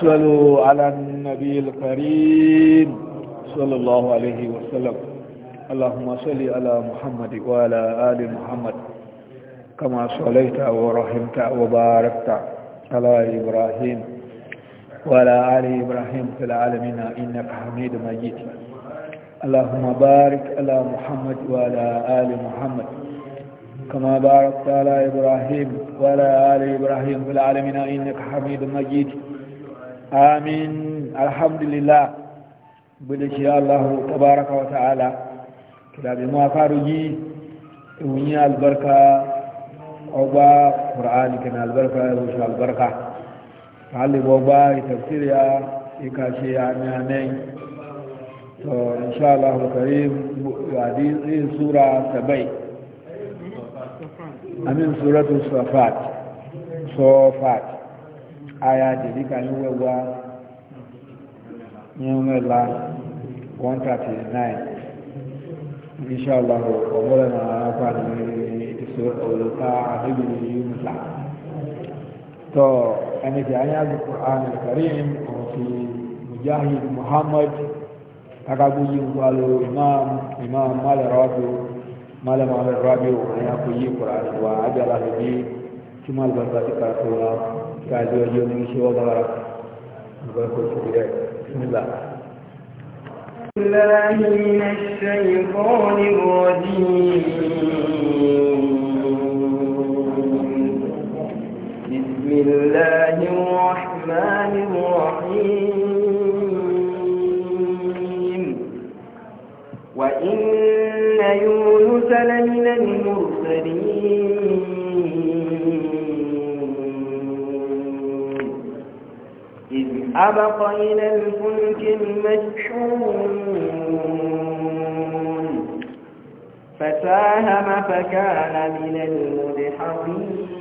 صلوا على النبي الكريم صلى الله عليه وسلم اللهم صل على محمد وعلى آل محمد كما صليت ورحمت وباركت على إبراهيم وعلى آل إبراهيم في العالمين إنك حميد مجيد اللهم بارك على محمد وعلى آل محمد كما باركت على إبراهيم وعلى آل إبراهيم في العالمين إنك حميد مجيد آمين الحمد لله بلشي الله تبارك وتعالى كلا بما فارجي ونيا البركة أوبا قرآن كنا البركة وشاء البركة تعلم أوبا تفسير يا إكاشي عمي إن شاء الله الكريم هذه سورة سبعين amin suratu sofat sofat aya dìdí kan ní wẹ́wà ní mẹ́la 139 inṣàlọ́rọ̀ ọmọdé náà apá ní ìṣò òlùta àdébìnrin yìí mùsà tó ẹni tí a yá lùkù àmì karim ọ̀tí mujahid muhammad kakagbóyí wà ló imam imam malarabu malam amir rabiu ya koyi Quran wa ajala hadi kuma albarka ta kasuwa ta jiya yau ne shi wa bara albarka ta gida bismillah الله من الشيطان الرجيم بسم الله الرحمن الرحيم وإن يونس لمن المرسلين إذ أبق إلى الفلك المشحون فساهم فكان من المدحضين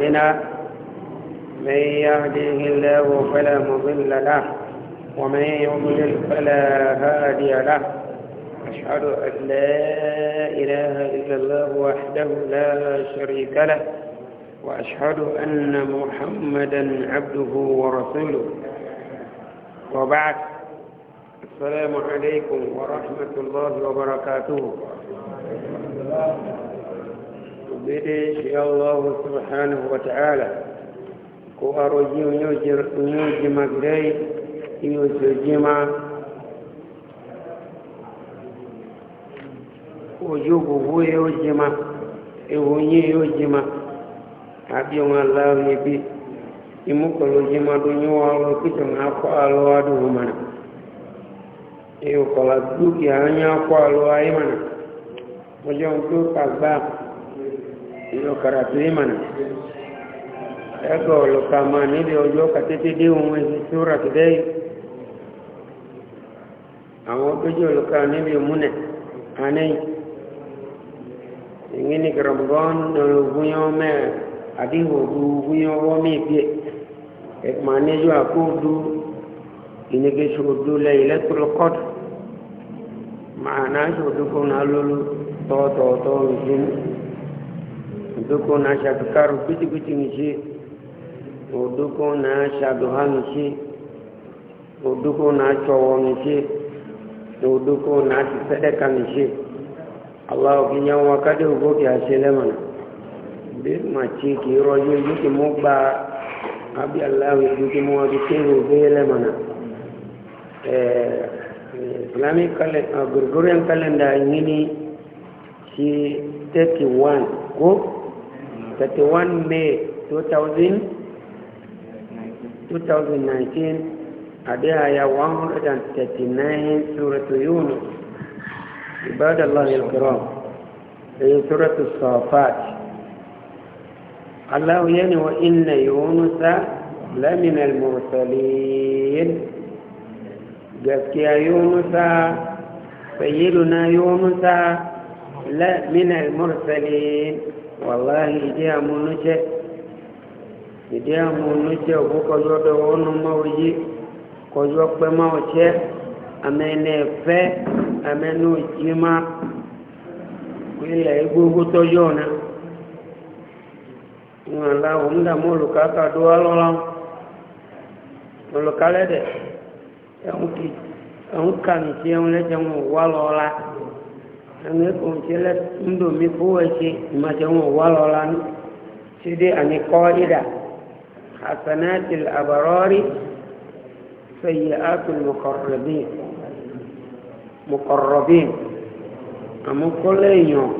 أعمالنا من يهديه الله فلا مضل له ومن يضلل فلا هادي له أشهد أن لا إله إلا الله وحده لا شريك له وأشهد أن محمدا عبده ورسوله وبعد السلام عليكم ورحمة الله وبركاته بإيش الله سبحانه وتعالى وأرجو يوجر يوجم قري ihe وجوبه يوجم إهوني يوجم أبيون الله يبي imukolo jima do nyuwalo kito na ko alwa do mana e ko la duki hanya ko ìlú karatu ìmànà ẹgbẹ́ ọlọ́kàmà níbi ọjọ́ kàtẹ́tẹ́ dé ohun ẹ̀sìn tí ó rà tẹ́tẹ́ yìí àwọn ọgbẹ́jọ́ ọlọ́kà níbi múnẹ̀ anẹ́yìn ìyẹn ní kẹrọ̀mùgán ogúnyán mẹ́ àdéhùn ọdún ogúnyán wọ́n mí bíẹ̀ ẹ̀kùnmá níjọ́ àkóòdú ìnigéṣọ́ ọdún lẹ́yìn lẹ́tọ́lọ́kọ́dù màá náà ṣòdúkọ́ náà lólú tọ́ọ̀tọ̀ọ̀tọ̀ ìṣẹ́nu doko na shadukaru kutikiti ngishi odoko na shaduha ngishi odoko na chowo ngishi odoko na sadaka ngishi allah kinya wakati ugo kiaselema bi machi ki rojo yuki mugba abi allah yuki mu abi kero belema na eh islamic calendar uh, gregorian calendar ngini si one. ko 31 May 2000, 2019 ada ayat 139 surah Yunus عباد الله الكرام في سورة الصافات الله يعني وإن يونس لمن المرسلين قالك يا يونس سيدنا يونس لمن المرسلين wàláhì ìdí àmúnújẹ́ ìdí àmúnújẹ́ òkú kọjú ọdọ ọ̀nà máa yí kọjú ọpẹ máa jẹ́ àmẹ́nà ẹ̀fẹ́ àmẹ́nà ìjímá ilẹ̀ gbogbo tọ́jú ọ̀nà wọn aláwọ̀ dàmú olùkàkà tó wá lọ́la olùkàlẹ́dẹ̀ ẹ̀hún kàmì ẹ̀hún lẹ́jẹ̀ wọn wá lọ́la. ẹ̀mí kùn tí lẹ́ ń dò mí kó wẹ̀ ṣe ìmọ̀jẹ̀wọ̀n wà lọ́la ní ṣe dé àní kọ́ ìdà hasanati àbárọ́rí fẹ̀yẹ̀ áàtù mọ̀kọ̀rọ̀bìn àmúkọ́lẹ̀ èèyàn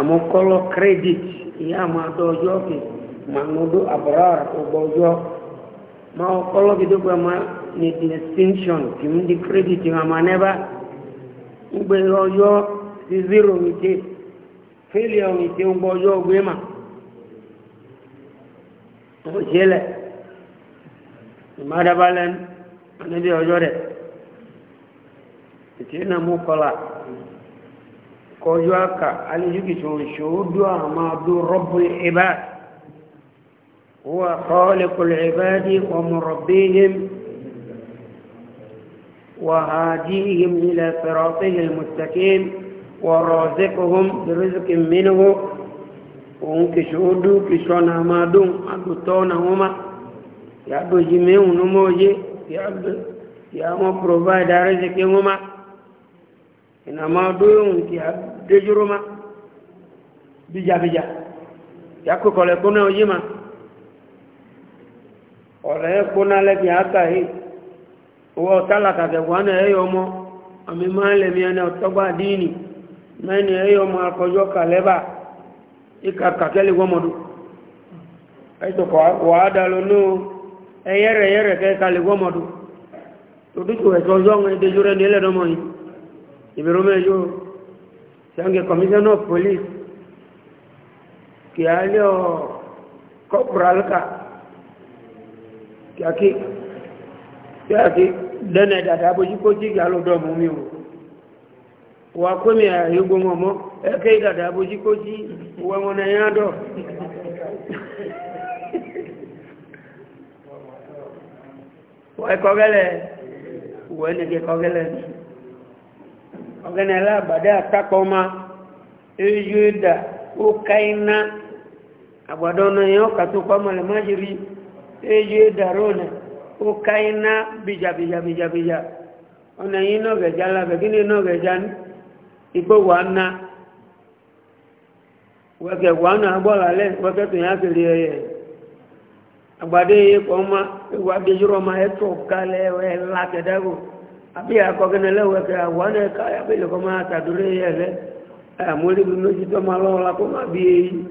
àmúkọ́lọ̀ credit ìyá àmọ́ adọ́ ọjọ́ kì mànúdó àbárọ́rì ọgbọ́ ọjọ́ máa kọ́lọ́ kìdókòó ẹ̀ máa ní distinction kì í di credit ìhàmà nẹ́bàá ugbe ọjọ́ ti zero nìje fílì ọ̀hún ìṣe ń gbọ́ ọjọ́ ọgbẹ́ mà ó ṣẹlẹ̀ ìmádàbálẹ̀ níbi ọjọ́ rẹ̀ ìtì náà mú kọlà kọjú àkà alẹ́júkìtò ìṣòódú àmàdú rọ́bù ìbáà هو خالق العباد ومربيهم وهاديهم إلى صراطه المستقيم ورازقهم برزق منه وانكشودو كشونا ما دون أدوتونا هما يعدو جميع نموجي يعدو يا ما بروفايد رزق هما إنما دون كي أدجرما بيجا بيجا يأكل كل كنا وجمع ولا يكون لك يأكل wọ́n tálàkà tẹ̀gbọ́nà ẹ̀yọ ọmọ àmì máa ń lẹ̀mí ẹni ọ̀tọ́gbà díìnì mẹ́ni ẹ̀yọ ọmọ akọjọ́ kàlẹ́bà ìka kàkẹ́lì gbọ́mọdún ẹ̀tọ́kọ̀ wàádàlọ́ ní ẹyẹ́rẹ̀ ẹyẹ́rẹ̀ kẹ́kàlì gbọ́mọdún tòdútù ẹ̀tọ́ zọ́n ẹ̀dẹ́jú rẹ̀ nílẹ̀ dọ́mọ yìí ìbẹ̀rù police kì á lé ọ kí á kí kí á kí dẹ́nà dàdà bójú kó jí ìgbà lọ́dọ̀ mú mi o wà kó mi ààrẹ gbogbo mọ́ ẹ́kẹ́ dàdà bójú kó jí wọ́n náà yá dọ̀ wọ́n kọ́gẹ́lẹ̀ wọ́n nìkẹ́ kọ́gẹ́lẹ̀ ọ̀gẹ́nà alábàdá àtàkọ́ ma eéjú ìdà ó ká iná àgbàdọ́ náà yẹn ọ̀kà tó pamọ́ lè ìdà rọ́ọ̀nà ukaina bija bija bija bija ona ino geja la begini ino geja ni wana weke wana abola le weke tun ya kiri eye agbade ye ma wa de yuro ma eto kale we la kedago abi ako gene le weke wana ka ya bi ko ma ta dure ye le amuli bi no jito ma lo la ko ma bi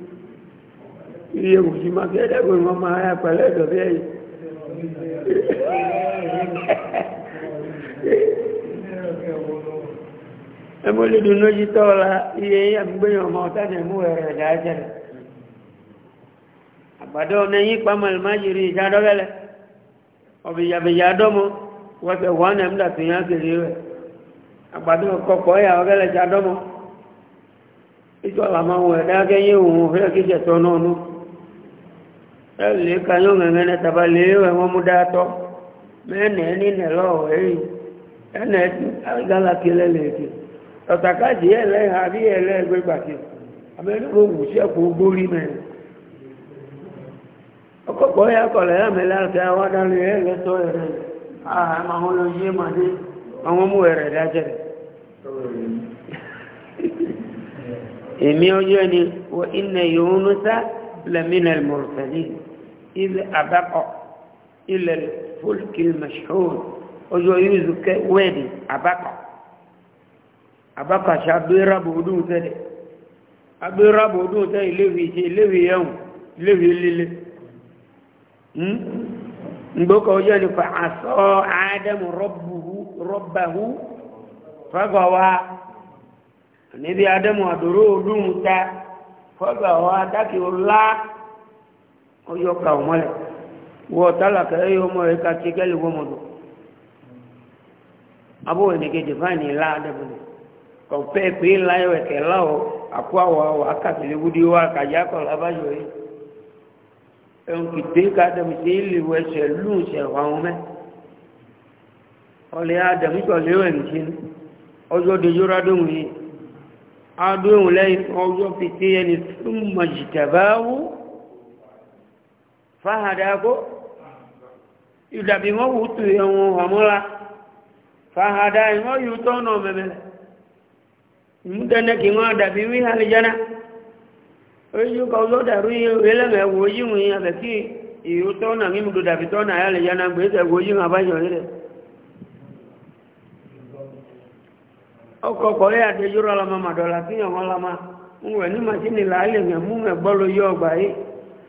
ye ko kedago ma ma ya pale do bi ẹmọ́lì dùnú jí tọ́ọ̀lá iye àgbéyàn ọmọ ọ̀tánà mú ẹ̀rẹ̀ ìdájẹ́rẹ̀ àgbàdọ́ nẹ́yìn pàmàlì má jìrì ìjádọ́gẹ́lẹ̀ ọ̀bìyàbìyà dọ́mọ wọ́sẹ̀ wọ́n ẹ̀mdà tó yán kiri rẹ̀ àgbàdọ́ kọkọ̀ ẹ̀yà ọgẹ́lẹ̀ ìjádọ́mọ ìtọ́lá máa wọ̀ ẹ̀dá ẹ̀lẹ́ ka yóò mẹ́mẹ́ ní tàbá lè wẹ̀ wọ́n mú dáátọ́ mẹ́ẹ̀nẹ̀ ní nẹ̀lọ́ ẹ̀yìn ẹ̀nẹ̀ gálàkì lẹ́lẹ̀kì ọ̀tàkàjì ẹ̀lẹ́ àbí ẹ̀lẹ́ gbẹgbàkì amẹ́lẹ́gbẹ̀ òwúṣẹ́kù gbórí mẹ́rin ọkọ̀pọ̀ ya kọ̀lẹ̀ yàmẹ́lẹ́ àti awádàlẹ̀ ẹ̀lẹ́tọ́ ẹ̀rẹ́ àmà wọn lọ yé màdé àwọn mú ẹ̀rẹ̀ dájẹ́ èmi ọjọ́ ni wọ́n inna yóò ń sá lẹ́mìnà ìmọ̀ràn إذ أبقى إلى الفلك المشحون ojú oyúzù kẹ wẹ́ẹ̀dì àbákà àbákà ṣe abérábò ọdún tẹ́lẹ̀ abérábò ọdún tẹ́lẹ̀ iléèwé ṣe iléèwé ẹ̀hùn iléèwé líle ǹgbókọ̀ ojú ẹni fa àṣọ àádẹ́mù rọ́bàhú fọ́gọ̀wá níbi àádẹ́mù àdòrò ọdún ta fọ́gọ̀wá ọyọ ka ọ mọlẹ wọ tálàkà ẹyọ ọmọ rẹ ká tí kẹlẹ wọmọ lọ abọwọ ẹnìkẹ divine ńlá adébọlẹ kọpẹ pé ńlá ẹwẹ kẹlá ọ àpò àwọ àwọ akásílẹ wúdi wa kàjá kọ lábàjọ yìí ẹnkìdé ká dẹbi sí ilé wẹ ṣẹ lùn ṣẹ wàhùn mẹ ọlẹ adẹbi sọ léwẹ nìṣẹ ọjọ dojúra dóhùn yìí adóhùn lẹyìn ọjọ fìtí ẹni súnmọ jìtẹbáwó. fáhàdá kó ìdàbí wọ́n wù tù ẹ̀wọ̀n ọ̀mọ́lá fáhàdá ìwọ́n yìí tọ́nà mẹ́mẹ́lẹ̀ ìmúdẹ́nẹ́ kí wọ́n dàbí wí hàlìjánà ojú kan na dàrú ẹlẹ́mẹ̀ wò yí wù yín àbẹ̀ kí ìyó tọ́nà nínú tó dàbí tọ́nà hàlìjánà gbèsè wò yí àbájọ rẹ̀ ọkọ̀ kọ̀ọ̀lẹ́ àdéjúrọ̀ lọ́mọ màdọ́là sí ọ̀hún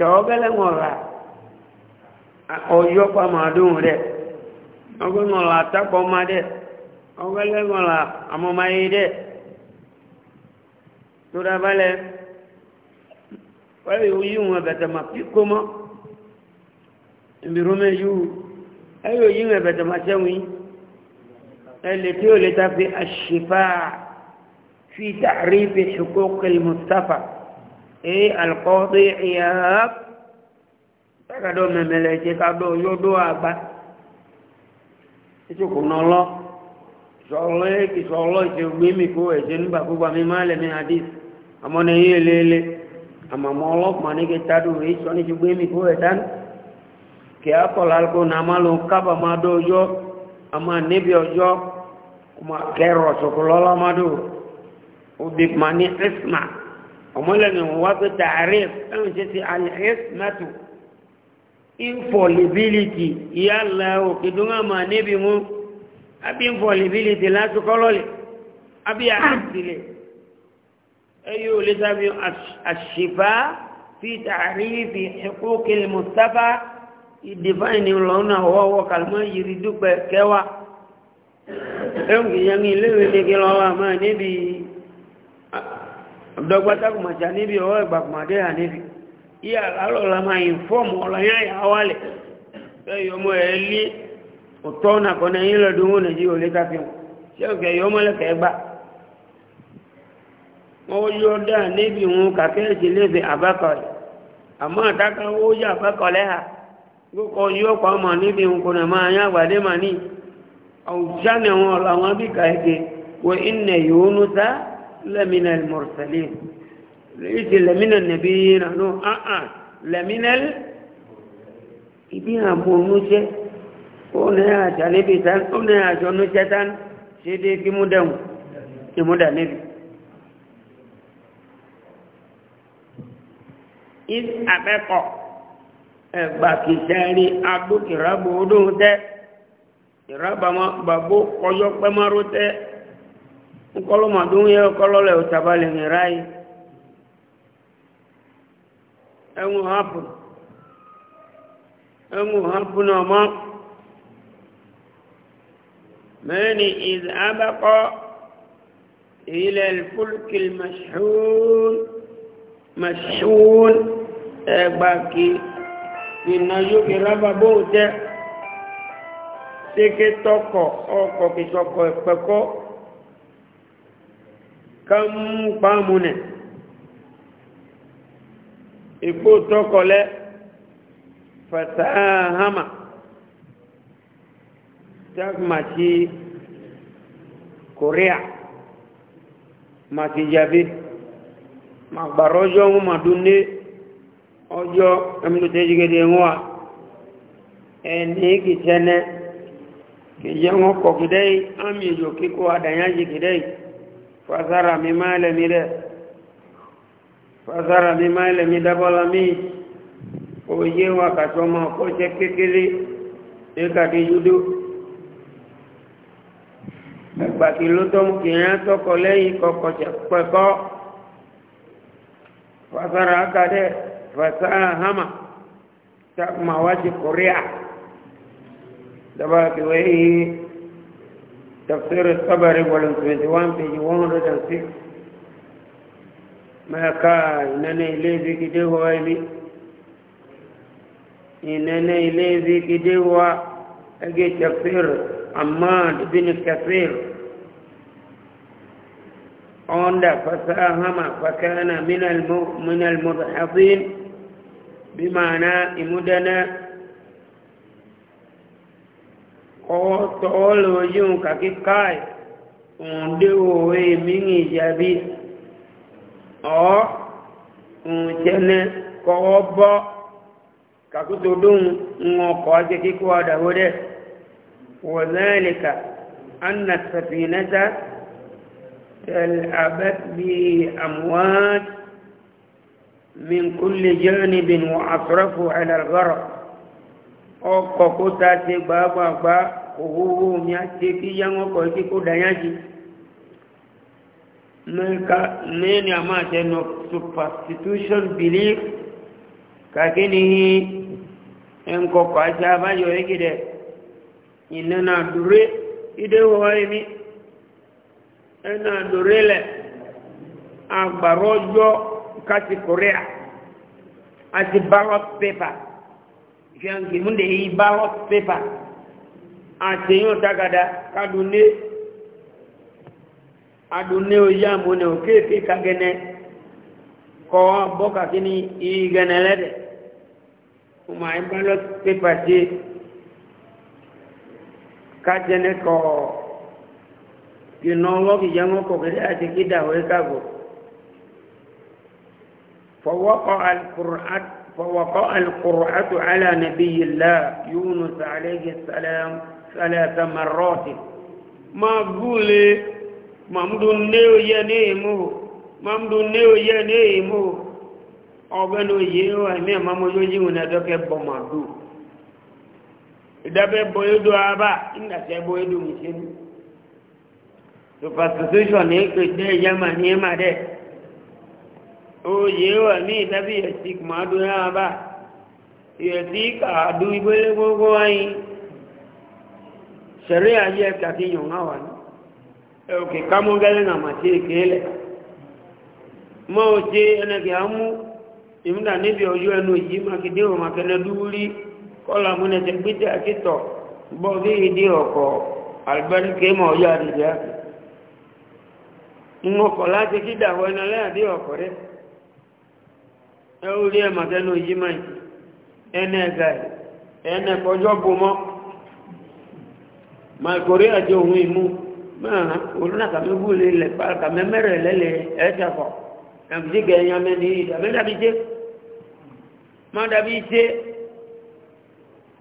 tọ́ọ́gẹ́lẹ́ ńọ̀ra ọjọ́ pàmàdún rẹ̀ ọgọ́ ńọ̀la àtàkọ́má dẹ̀ ọgọ́lẹ́ ńọ̀la àmọ́máyé dẹ̀ tó dábálẹ̀ wọ́n yóò yí wọn bẹ̀tẹ̀mà píkó mọ́ ìbìrúmẹ́ yóò ẹ yóò yí wọn bẹ̀tẹ̀mà sẹ́wìn ẹ lè tí ó lè ta fi àṣìfà fi tàrí fi ṣùkọ́ kẹlmùsáfà. E alkɔɔdi iyaab ɛka do mɛmɛlɛ tse ka do yodo agba etso ko nɔlɔ sɔlɔ eki sɔlɔ tse gbemi ko ɛtse nugba gbogbo ami ma lɛ mi hadis ke ta do eyi sɔ ne tse gbemi ko ɛtan kɛ akɔla ko na ama lo ọmọlẹ́nu wá pé tààríf ẹ̀rùn ṣe ti alẹ́sìmẹ́tò infallibility yálà òkèdúnmá mà níbi mú àbí infallibility láti kọ́lọ́lẹ̀ àbí àtìlẹ̀ ẹ̀yọ́ olè sábẹ́ àṣìfà fi tààríf ẹ̀kọ́kẹ́lẹ̀ mustapha ìdìfáìní lọ́nà ọwọ́wọ́ kàlùmọ́ yìí dúpẹ́ kẹwàá ẹ̀rùn kìí yẹn ní ilé ìwé kékeré ọwọ́ àmọ́ níbi yìí. dɔgbata kumatsa níbi ɔwɔ ɛgba níbi yíyá alɔ la ma yin fɔm ɔlɔ yá yà wà lɛ li ɔtɔ nakɔ nɛ yin lɛ dunu nɛ dzi yɔ lé kafi o sɛw lɛ kɛ gba ɔyɔ níbi kakɛ abakɔ yi àmɔ àtàkà ɔyɔ abakɔ lɛ hà gbɔkɔ yɔ kɔ ama níbi ŋu kɔ nɛ ma yá ma ní لمن المرسلين ليس لمن النبيين نو آه آه لمن ال إبيها مونوشة ونها جانبي تان ونها جنوشة تان سيدي كمودم كمودا نبي إذ أبقى ẹgbàkì sẹ́rí agbókìrábò odóhun tẹ́ ìrábàmọ́ bàbó kọjọ́ pẹ́mọ́rú tẹ́ nkɔlɔ ma do yɛ kɔlɔ lɛ o le ŋɛ ra yi hapu ɛŋu hapu na ɔma mɛni iz abakɔ ilẹ fulki mashun mashun ɛgbaki ìnayókè ọkọ kìtọkọ ìpẹkọ. kam pamune ikpo tọkọlẹ fasahama takmati korea mati jabi magbarọjọ ń madunde ọjọ ẹmúlùtẹjìgẹdẹ ń wà ẹni kìtẹnẹ kìjẹ ń kọkìdẹ àmì ìjọ kíkọ àdàyànjì kìdẹ yìí fasara mi máa lẹ́mi rẹ̀ fasara mi máa lẹ́mi dábọ́lá mi òye wákàtí ọmọ ọkọ̀ṣẹ́ kékeré nígbàdé yúdó ẹgbàkì ló tọ́ mú kìí rán tọkọ lẹ́yìn kọkọ̀ṣẹ́ pẹ̀kọ́ fasara akadẹ́ fasara hama takuma wájú kòríà dábàá kìwé yìí. تفسير الطبري في 21 page 106 ما كان إنني إليه كده وإلي إلي إنني إليه كده و أجي تفسير عماد بن كثير عند فساهم فكان من المضحظين بمعنى إمدنا ọwọ́ tọwọ́ lò yíò kàkí káì òǹdé òwe mìíràn ìjàbí ọ́ òǹtẹ́nẹ́ kọwọ́ bọ́ kàkútò dóhun wọn kọ́ jẹ́ kíkọ́ àdàwó dẹ̀ wọ̀lẹ́ẹ̀lẹ́kà anna safinata تلعبت به أموات من كل جانب وأصرفوا على الغرق أقوكتا تبابا owó mi á ṣe kí yáwọn ọkọ̀ sí kó dayájí mẹ́ni àmà àtẹnu superstitution belief kàkí ni ẹnkọkọ̀ àti abájọ ẹgidẹ̀ ìnana dúré ìdẹ́wọ̀ ẹ̀mí ẹ̀nà dúré lẹ̀ agbàrọ̀jọ́ kàti korea àti ballot paper ṣe ń kì mú lè yí ballot paper àtẹ̀yàn tagada kádùné adùné oyé àmúnẹ̀ òkèèké kagẹ́nẹ́ kọ́ bọ́kà kí ni ìgẹ̀nẹ̀ lẹ́dẹ̀ ọmọ ìbálọ́ pépà tí kájẹ́nẹ́ kọ́ ìnà ọlọ́kì jẹ́mọ́ kọ̀kẹ́lẹ́ àti kídà orí kàgò فوقع القرآن على نبي الله يونس عليه السلام ثلاث مرات ما قول ممدو نيو ينيمو ممدو نيو ينيمو ọgbẹ́nu yìí wà ní ẹ̀mọ́mọ́ yóò yíò ní ẹ̀dọ́kẹ́ bọ̀mọ̀dù ìdábẹ́ bọ̀yédò àbá ìgbàtẹ́ bọ̀yédò mìṣẹ́lú superstition ní kejì ẹ̀yàmà ní ẹ̀mà dẹ̀ ó yìí wà ní ìdábí ẹ̀sìk màádùn àbá ìrẹ̀sìk àdú ìgbélé gbogbo wáyìí sẹ̀rí ayé ẹ̀ka kí yàn náà wà ní ẹ̀kì kámúgẹ́lẹ́ nà màtí èké lẹ̀ mọ́ ò ṣe ẹnẹ́kì àmú ìmúdà níbi ọjọ́ ẹnu yìí mákìdé wọn mákẹ́lẹ́ dúrí kọ́là múnẹ̀tẹ̀ gbídẹ́ àkítọ̀ bọ́ bí ìdí ọkọ̀ àlùbáríkẹ́ mọ̀ ọjọ́ àdìjẹ́ àkì mo kọ̀ láti kídà wọ ẹnu lẹ́yàdí ọkọ̀ rẹ̀ ẹ ó rí ẹ̀ màkẹ́lẹ́ yìí máa ẹnẹ́ ẹ̀gà ẹnẹ́ kọjọ́ makore àti e e ohun ìmú máa olùnà kàmí wúlé lẹ kàmí mẹrẹ lẹlẹ ẹsẹ kọ àbíjẹ gẹyìn amẹ ní ìdàmẹ dàbí jẹ má dàbí jẹ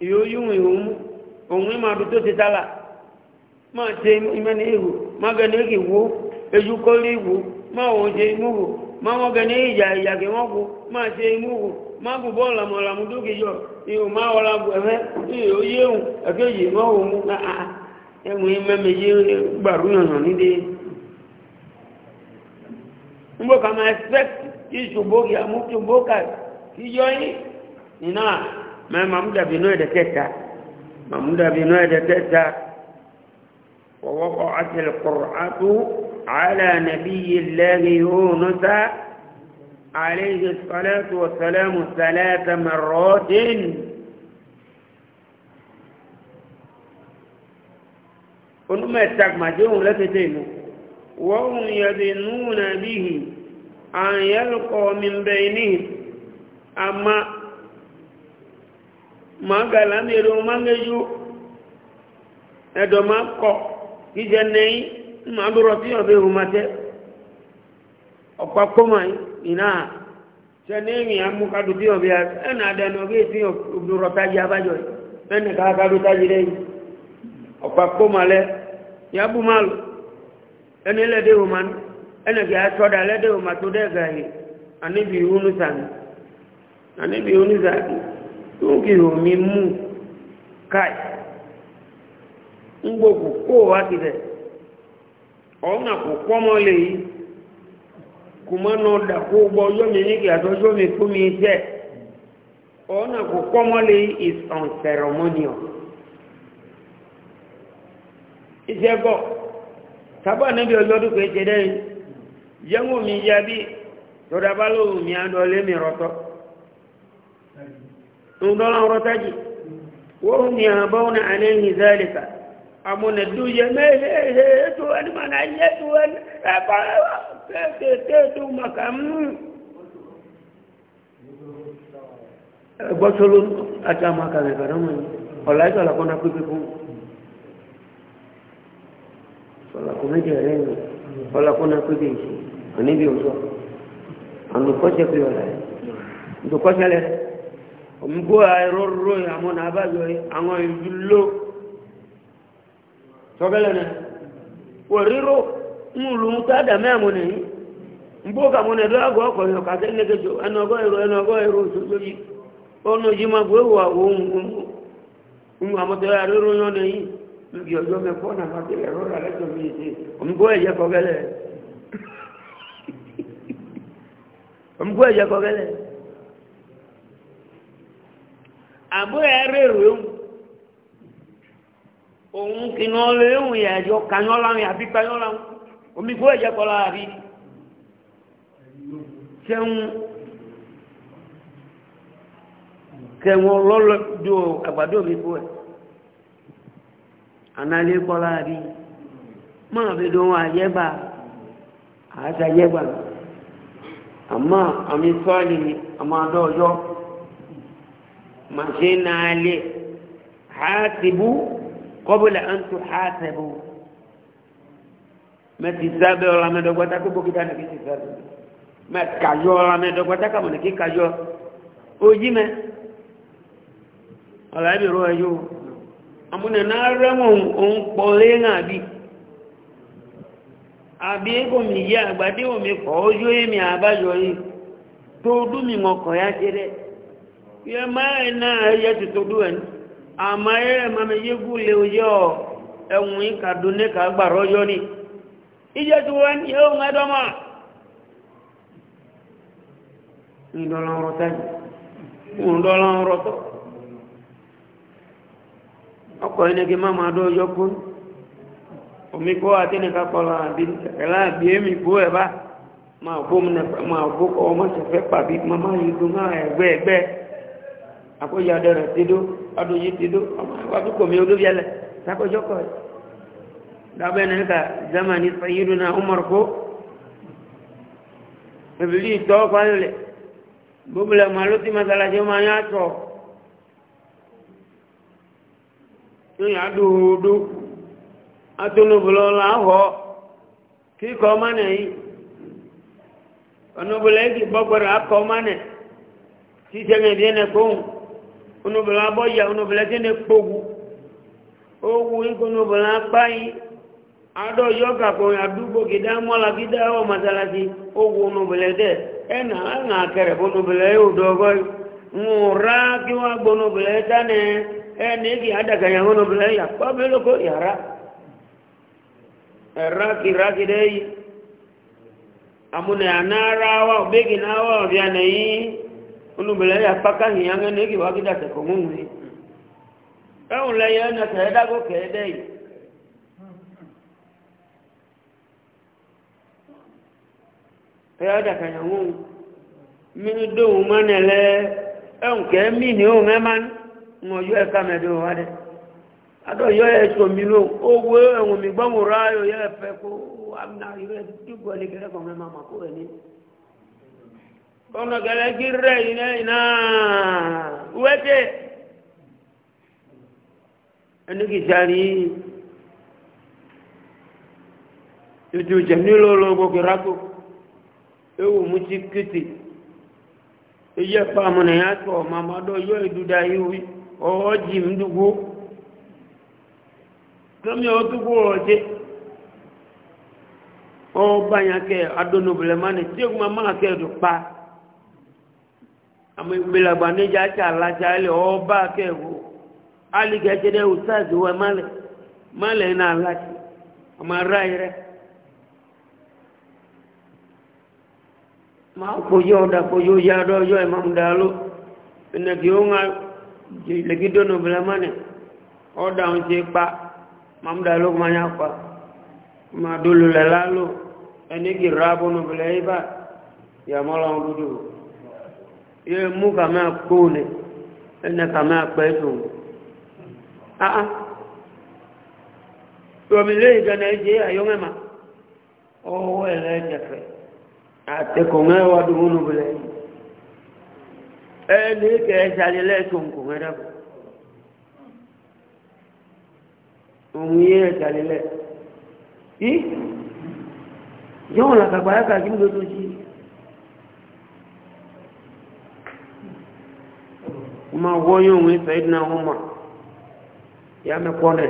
ma ìhun ohun ìmọ̀ àdúgbò ti tálà má ṣe ìmẹ ma ìhù ṣe imú wò ma wọ́n gẹ ní ìyà ìyà kí wọ́n wụ má ṣe imú wò má bù bọ́ yi ma ẹmù mẹ́mẹ́yé gbàrúyànà nídé nígbò ká máa expect kí ṣògbó kí a mú ṣògbó ká kí yọ yí nínú à mẹ́ màmú dàbí inú ẹ̀dẹ̀ kẹta màmú inú ẹ̀dẹ̀ kẹta wọ́wọ́kọ̀ àti ẹ̀kọ̀rọ̀ àtú àlẹ́ ànàbí yìí lẹ́rìí yóò nọ́ta عليه الصلاة والسلام ثلاث مرات onímọ̀ ìtàgbàjẹ́ òun lẹ́tẹ̀tẹ̀ ya wọ́n yẹ̀dì núùnà bí i àyẹ́lùkọ́ mímbẹ̀ ní àmà màgàlá mẹ́rin o máa ma ẹ̀dọ̀ máa kọ jíjẹ nẹ́yìn ma dúró tí ka ohun máa tẹ́ ọ̀pá kọ́mà iná tẹ́ni ìrìn amúkadù tí ọ̀bẹ̀ ẹ̀nà àdánù ya bu malu ẹni lẹ́dẹ̀ òman ẹnẹ̀gì àtọ́dà lẹ́dẹ̀ òmà tó dẹ́gà yìí àníbi ìhúnúsàmì àníbi ìhúnúsàmì tó ń kì omi mú káì ń gbòkù kó wá kìtẹ̀ ọ̀hún àpò pọ́mọ́ lè yí kò mọ́ nà ọ̀dà kó gbọ́ yómi ní kì àtọ́jọ́ mi kó mi tẹ̀ ọ̀hún àpò pọ́mọ́ lè yí is unceremonious iṣẹ́ gọ̀ sábà níbi ọjọ́dún kò ṣe dẹ́yìn yẹ́wò mi ya bí tọ́dábá lóhùn mi àdó lémi rọ́tọ́ ńdọ́lá rọ́tájì wọ́n ni àbáwọn àlẹ́yìn zálìkà àmúnà dúyẹ mẹ́lẹ́lẹ́ ètò ẹni mọ̀nà ayé tó ẹni ẹ̀kọ́lẹ́wà tẹ́ẹ̀tẹ́ tó mọ̀kà mú ẹgbọ́sọ́lọ́ àti àmàkà rẹ̀ kàdánwò ọ̀lá ìtọ́lá kọ́nà pípẹ́ fún un na rẹ̀ ni na ya péjì ìṣe àníbi mụ na pé ọ̀la ẹ̀ ǹdùkọ́ṣe lẹ̀ òmùgbò àìróró àmọ́ náà abájọ àwọn na ló sọ́bẹ́lẹ̀ náà wò ríro ń lu ń tá dàmẹ́ àmọ́ na ǹbó níbi ọjọ́ mẹ́kọ́ náà máa tẹ̀lé rọ́rà lẹ́tọ̀ mi ṣe òmùgbọ́ ẹ̀yẹ kọ́gẹ́lẹ̀ òmùgbọ́ ẹ̀yẹ kọ́gẹ́lẹ̀ àbúrò ẹ̀ rèrò ẹ̀hún òun kìnnà lẹ́hùn ìyàjọ kanyọ́láhùn àbí kanyọ́láhùn òmùgbọ́ ẹ̀yẹ kọ́lá àbí sẹ́hùn kẹwọn lọ́lọ́dọ̀ àgbàdo mi kú ẹ̀ ànálé kọ́lá rí máa fi dùn àyẹ́bà àti àyẹ́bà àmọ́ àmì sọ́ọ̀lì àmọ́ àdọ́ọ̀yọ́ màṣẹ́ náà lé hàásìbú kọ́bùlà ń tu hàásìbú mẹ́tì sábẹ́ ọ̀làmẹ́dọ́gbọ́ta kó bókítà nàkí ti sábẹ́ mẹ́kàyọ́ ọ̀làmẹ́dọ́gbọ́ta kàmọ̀ nàkí kàyọ́ ojí mẹ́ ọ̀làbìrọ̀ ẹ̀yọ́ amúnà náà rẹ́mọ̀ òun pọ̀ léèrà bí àbí omi yí àgbàdé omi kọ̀ ojú èmi àbájọ yìí tó dúmi ọkọ̀ ya ṣe yẹ máa náà yẹ tuntun dú ẹni àmà ẹ mami yégú lè yọ ẹ̀wùn ìkàdúnlé yọ ni ìjẹ́ tí wọ́n yóò ọkọ̀ ẹnẹ́gẹ́ má máa dọ́ ọjọ́ kún omi kó àtẹnìká kọlọ àbí ẹ̀lá àbí èmi kó ẹ̀ bá máa kó kọ́ ọmọ ṣẹ̀fẹ́ pàbí máa yìí dùn máa ẹ̀gbẹ́ ẹ̀gbẹ́ àkójọ adẹ́rẹ̀ ti dó adóyí ti dó ọmọ àkókò mi olóbi ẹlẹ̀ sákójọ́ kọ̀ ẹ̀ dábẹ́ ní ká zamani sayidu na umar kó ebili ìtọ́ kọ́ ẹ̀ lẹ̀ gbogbo ẹ̀ máa ló ti masalasi máa yá tọ̀ ya dúdú atúnubùlọ́lá họ kíkọ́ mánẹ̀ yìí onubùlọ́ èkì bọ́gbọ̀rọ̀ akọ́ mánẹ̀ títẹ́ mẹ́bí ẹnẹ kóhùn onubùlọ́ abọ́yà onubùlọ́ tí ní kpogbu owó ikú onubùlọ́ akpa yi adọ yọ́gà kò àdúgbò kìdá mọ́lá kìdá ọ̀ masalasi owu ẹ̀nà ẹ̀nà yóò enegi ada kaya ngono ya, pabelo ko yara eh, raki raki dei amune anarawa begi nawa vyane yi unu belaya paka hiyanga negi wakida te komungwe au la yana kaeda go kedei kaeda kaya ngono minu do manele au kemi ni eh, o ngamani ŋɔyɔ yɛ kama do wa dɛ ado yɔ yɛ tso mi lo owó ɛŋu mi gbɔ ŋu ra yɔ yɛ fɛ ko amina yɔ yɛ ti gbɔli kɛlɛ kɔmɛ ma ma ko yɛ ni kɔnɔ kɛlɛ ki rɛ yinɛ yina wɛte ɛnigi sari tutu jɛni lolo gbogbo rako ewu muti kiti eyi ɛfɛ amuna yɛ atɔ mama do yɔ yɛ duda yi ọwọ́ jì ń dúgbó kẹ́mi ọ dúgbó ọ̀jẹ́ ọba yẹn kẹ́ adónobìlẹ̀ máa ní tí èkúmọ̀ máa kẹ́ ẹ̀dùn pa àmọ́ ìgbélagbà níjà tí alájà ilẹ̀ ọba kẹ́ ẹ̀wọ̀ alìgẹ́jẹ́ dẹ́ ọ̀sáàzì wẹ̀ mọ́lẹ̀ mọ́lẹ̀ náà láti ọmọ ará yẹn rẹ̀. máa kojú ọ̀dà kojú yá ọjọ́ ìmọ̀ ń dá ló ẹnìkì ó ń wá legidono bilamane oda onje pa mamda lo manya pa ma dulu lalalu enigi rabono bilaiba ya mola ondudu ye mu kama kone ene kama petu a a to mi le gana je ayonga ma o oh, wele eh, jefe ate ah, kongewa dumunu bilaiba ẹni kẹsàlẹ lẹkùn kò mẹrẹ bọ òun yẹ ẹsàlẹ lẹ yí yọ̀wọ̀n làkàgbà yàkà kí ló tó jí ma wọ́yọ̀ òun ìfẹ́ ìdínà wọn mà yà mí kọ́ nẹ̀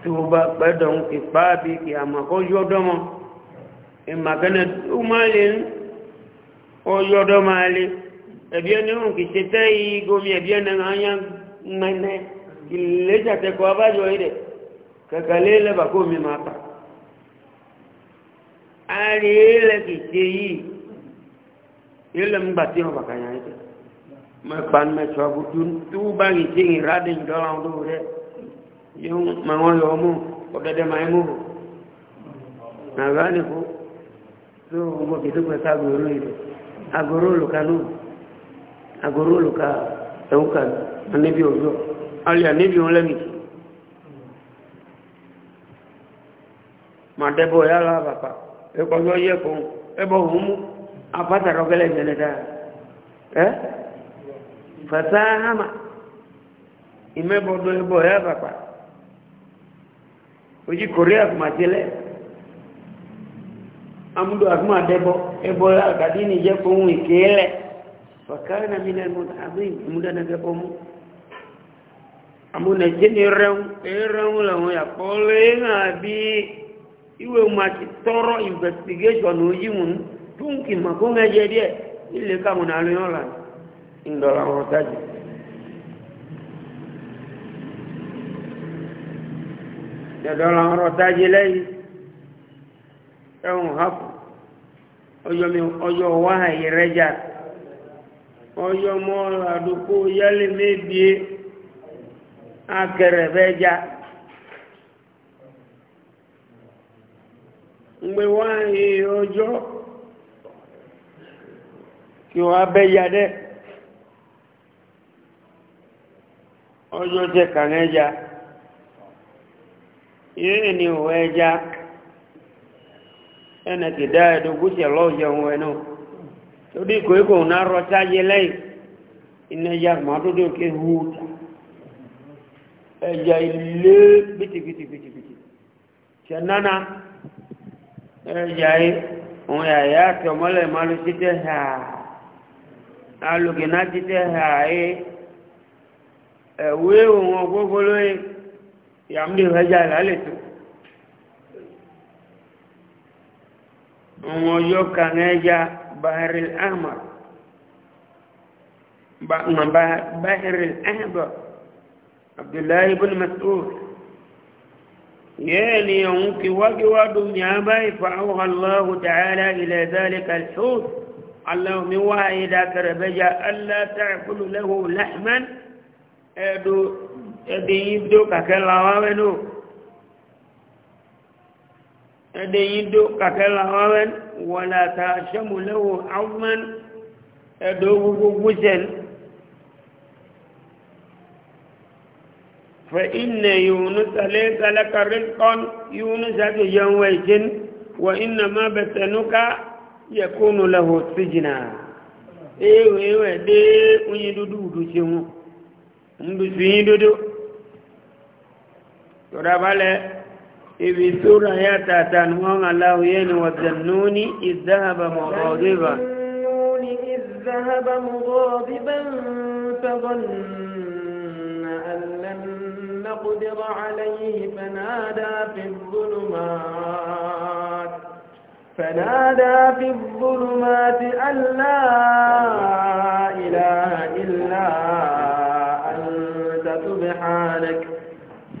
tí o bá pẹ́dọ̀ ń kì pa ebien nu kitete igomi ebien na anya mene ileja te kwa bajo ile kakalele bakomi mata ali ile kitei ile mbati ho bakanya ile mapan me chabu tun tu bangi tingi radin dolang dure yung mangoyo mu odade maimu e na gani ko so mo kitu kwa saguru ile aguru lukanu agoro luka ẹwuka anabi ọjọ alẹ anabi wọn lẹbi ma dẹbọ ya la papa ẹkọjọ yẹ kọ ẹbọ wọn mu apatakọ kẹlẹ jẹnẹ ta ẹ fata hama ìmẹbọ dọ ẹbọ ya papa ojú korea kùmàtí lẹ amudu akuma dẹbọ ẹbọ ya gadi ni jẹ kọ ohun فكان i المنعمين مدنا بكم amuna jeni rẹun ẹrẹun làwọn yàpọ̀ lẹ́yìn àbí ìwé ma ti tọrọ investigation òyì mú túnkì mà kó ń jẹ díẹ̀ ilé kàmù náà lóyún ọ̀la ń dọ̀la wọn tájì. dọ̀la wọn tájì lẹ́yìn ẹ̀hún hapù ọjọ́ mi ọjọ́ mọ́ àdókò yálé mébìé akẹrẹ̀bẹ́já mgbe wáyé ọjọ́ kí wọ́n abẹ́já dẹ́ ọjọ́ jẹ́ kànẹ́já yìí ni òwò ẹja ẹnẹ̀kì dá ẹ̀dógún tẹ̀ lọ́jọ́ òun ẹ̀ náà lórí ìkó ikò ń rọ sáyé lẹ́yìn ya màdúdú ké wúta ẹ̀yà ilé bìtìbìtìbìtìbìtì ṣẹ̀nánà ẹ̀yà òun ẹ̀yà àti ọmọlẹ̀ máa lọ sí tẹ́ hà alùpùpù náà ti tẹ́ hà ẹ́ ẹ̀wé òun ọgbógbó lóye ìyàmúdé ìrẹ́jà ìlàlẹ̀ tó òun ọjọ́ kan بحر الأحمر بحر الأحمر عبد الله بن مسعود يعني يومك دنيا باي فأوها الله تعالى إلى ذلك الحوت اللهم واحد كربجا ألا تعقل له لحما أدو أدو يبدو ككلا ẹ̀dẹ̀yìn dó kàkẹ́lá ọ̀rẹ́n wọ̀lá ta ṣẹ́mùlẹ́wò àwọn ẹ̀dọ̀ gbogbo jẹ́n fẹ́ inẹ̀ yóònú tàlẹ́ tàlẹ́kà rẹ́kọ́n yóònú sáàtò yẹun wẹ̀ jẹ́n wọ inẹ̀ má bẹ̀tẹ̀núká yẹkónú lẹ́wọ̀ sí jìnà ewéwẹ̀ dé oyin dúdú dùsí wọn ń dùsí yín dúdú tọ́dábálẹ̀ ibi sura ya tatanwan Allah yana wazannuni iz dhahaba mughadiban iz dhahaba mughadiban fadhanna an lam naqdir alayhi fanada fi dhulumat فنادى في الظلمات أن لا إله إلا أنت سبحانك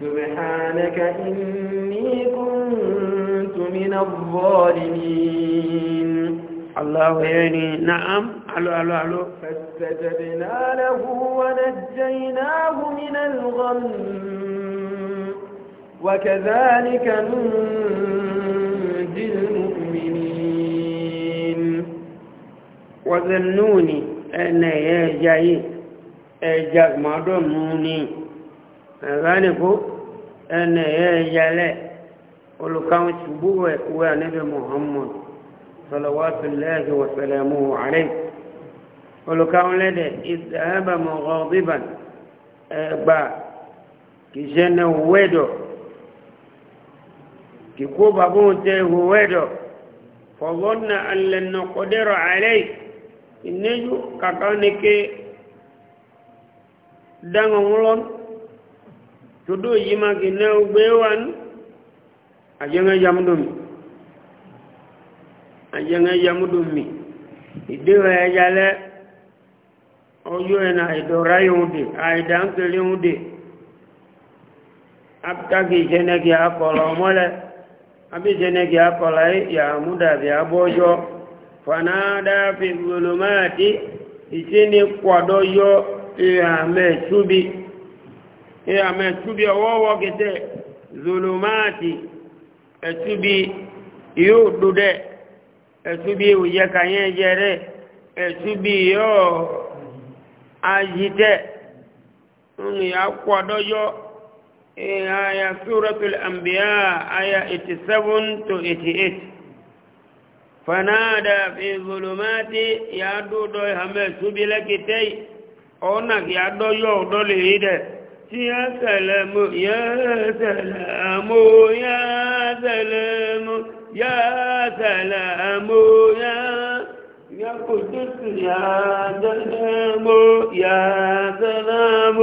سبحانك إني كنت من الظالمين الله يعني نعم ألو ألو ألو فاستجبنا له ونجيناه من الغم وكذلك ننجي المؤمنين وظنوني أن يجعي ما مدنوني أغانيكو أن يجعي olùkàwọn ṣubú ẹ̀kúwẹ́ ànábì muhammad sọlọ́wọ́sọlẹ́hìn wọ̀sẹ̀lẹ̀mú àrẹ olùkàwọn lẹ́dẹ̀ ìsẹ̀ẹ́bà mọ̀gọ́dìbà ẹgbà kìṣẹ́ ní wẹ́dọ̀ kíkó bàbá òun tẹ́ ìhù wẹ́dọ̀ fọ̀gọ́nà alẹ́nà kọ́dẹ́rọ̀ àrẹ ìnẹ́jú kàkàwọn ní ké dáhùn wọn tó dó yìí má kì náà gbé wa àjẹ́ngẹ́ yamúdùmí àjẹ́ngẹ́ yamúdùmí ìdíwẹ̀ ẹjalẹ́ ọjọ́ ẹ̀nà ìdọ̀rá ihun dè àìdá ń kiri ihun dè abitaki ìṣẹ́nẹ́gì akọ̀lọ̀ ọmọlẹ̀ àbí ìṣẹ́nẹ́gì akọ̀lọ̀ yàmúdàbí abọ́jọ́ fanadáfi gbolomáàtí ìṣẹ́ni kwàdọ́ yọ ìhàmẹ́túbi ọwọ́wọ́ kẹtẹ́ zolomáàtì ẹ̀tú bí yóò dó dẹ̀ ẹ̀tú bí òye kàyẹ́ ẹjẹ rẹ̀ ẹ̀tú bí yóò ayí tẹ̀ nínú yà kó àdọ́jọ́ àyà sórẹ́tùl àmbíyá eighty-seven to eighty-eight. 88 fanáàdà fi zolomati yà dó dọ́ ìhàmẹ́ ẹ̀tú bí lẹ́kìtẹ́ ọ̀nà yà dọ́jọ́ ọ̀dọ́ lè rí dẹ̀ يا سلام يا سلام يا سلام يا سلام يا يا قدس يا سلام يا سلام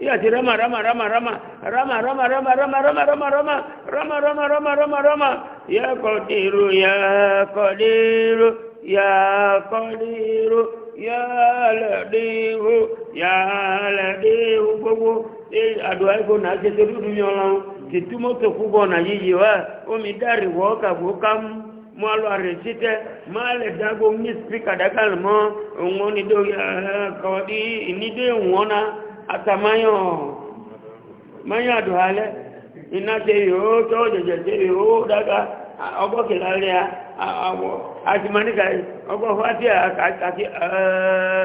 يا رما رما رما رما رما رما رما رما رما رما رما رما رما رما رما رما يا قدير يا قدير يا قدير يا لديه يا لديه gbogbo adu aiko na jete rudu nyola kitumo ke kubo na yiji wa umi dari woka bukam mwalo arisite male dago mi speaker dakal mo ngoni do ya kawadi ini de wona atamayo mayo adu hale ina te yo to je je te yo daga obo ke lale a awo ajimani kai obo fatia ka ka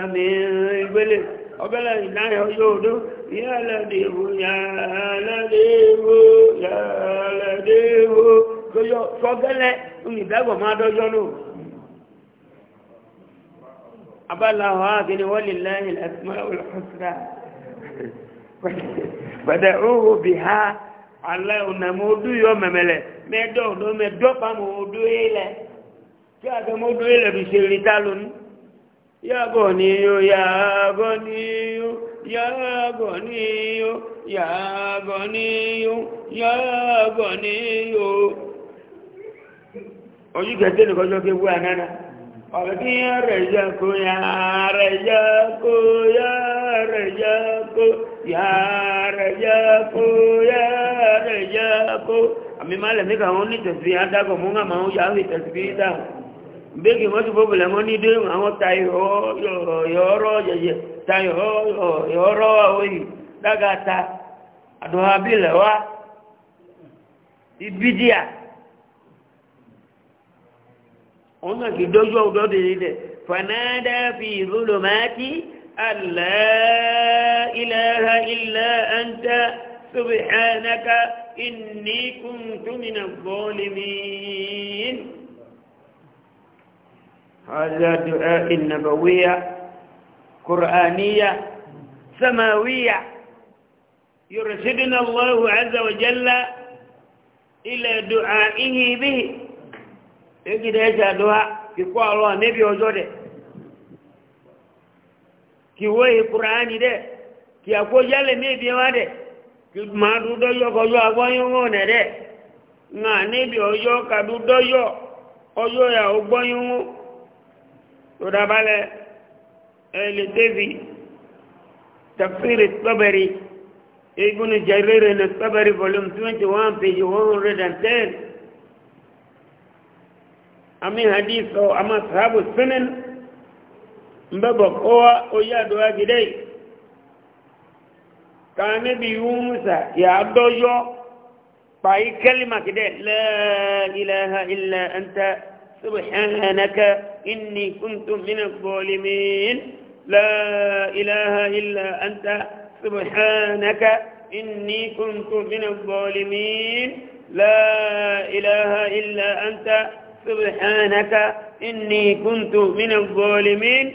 ni ọbẹ̀lẹ̀ ìdáyọ̀ yóò dó yálẹ̀dẹ̀wò yálẹ̀dẹ̀wò yálẹ̀dẹ̀wò sọgẹ́lẹ̀ olùdágbọ̀ máa dọ́jọ́ lò abáláwọ̀ àgbẹ̀ni wọ́n lè lẹ́yìn ẹ̀sùnmọ́ fẹ̀dẹ̀rúhù bí ha alẹ́ ọ̀nàmọ́ odú yọ mẹ̀mẹ̀lẹ̀ mẹ́dọ̀ ọ̀dọ́ mẹ́dọ́ pàmò odú ilẹ̀ tí àgbẹ̀mọ́ odú ilẹ̀ fi ṣe rí tá يا بني يا بني يا بني يا بني يا بني ojú kẹtẹ́ nìkan jọ kí wúwa náà ọ̀rọ̀ kí yá rẹ̀ yá kó yá rẹ̀ yá kó yá rẹ̀ àmì má lẹ̀mí kàwọn onítẹ̀sí adágọ̀ àmà ó yá ó ìtẹ̀sí dáhùn bẹ́ẹ̀kì wọ́n ti fọ́bùlẹ̀ wọ́n ní dé àwọn tayọ̀ọ́rọ̀ yẹ̀yẹ̀ tayọ̀ọ́rọ̀ òyì dágata anta subhanaka inni kuntu minaz zalimin هذا دعاء نبوية قرآنية سماوية يرشدنا الله عز وجل إلى دعائه به يجد هذا دعاء يقول الله نبي وزوده kì wó ìkùránì dẹ̀ kì àkó yálẹ̀ mébi wá dẹ̀ kì máa dúdọ́ yọ kọjọ́ agbọ́yún wọn nẹ̀ dẹ̀ ńà níbi ọjọ́ kàdúdọ́ yọ ọjọ́ yà ó gbọ́yún wọn. تدابل لتفي تفسير الطبري ابن جرير الطبري فولوم 21 page 110 أمي حديث أو أما أصحاب السنن مبقى قوة ويادوا كده كان نبي موسى يا أبدو جو باي كلمة كده لا إله إلا أنت سبحانك إني كنت من الظالمين لا إله إلا أنت سبحانك إني كنت من الظالمين لا إله إلا أنت سبحانك إني كنت من الظالمين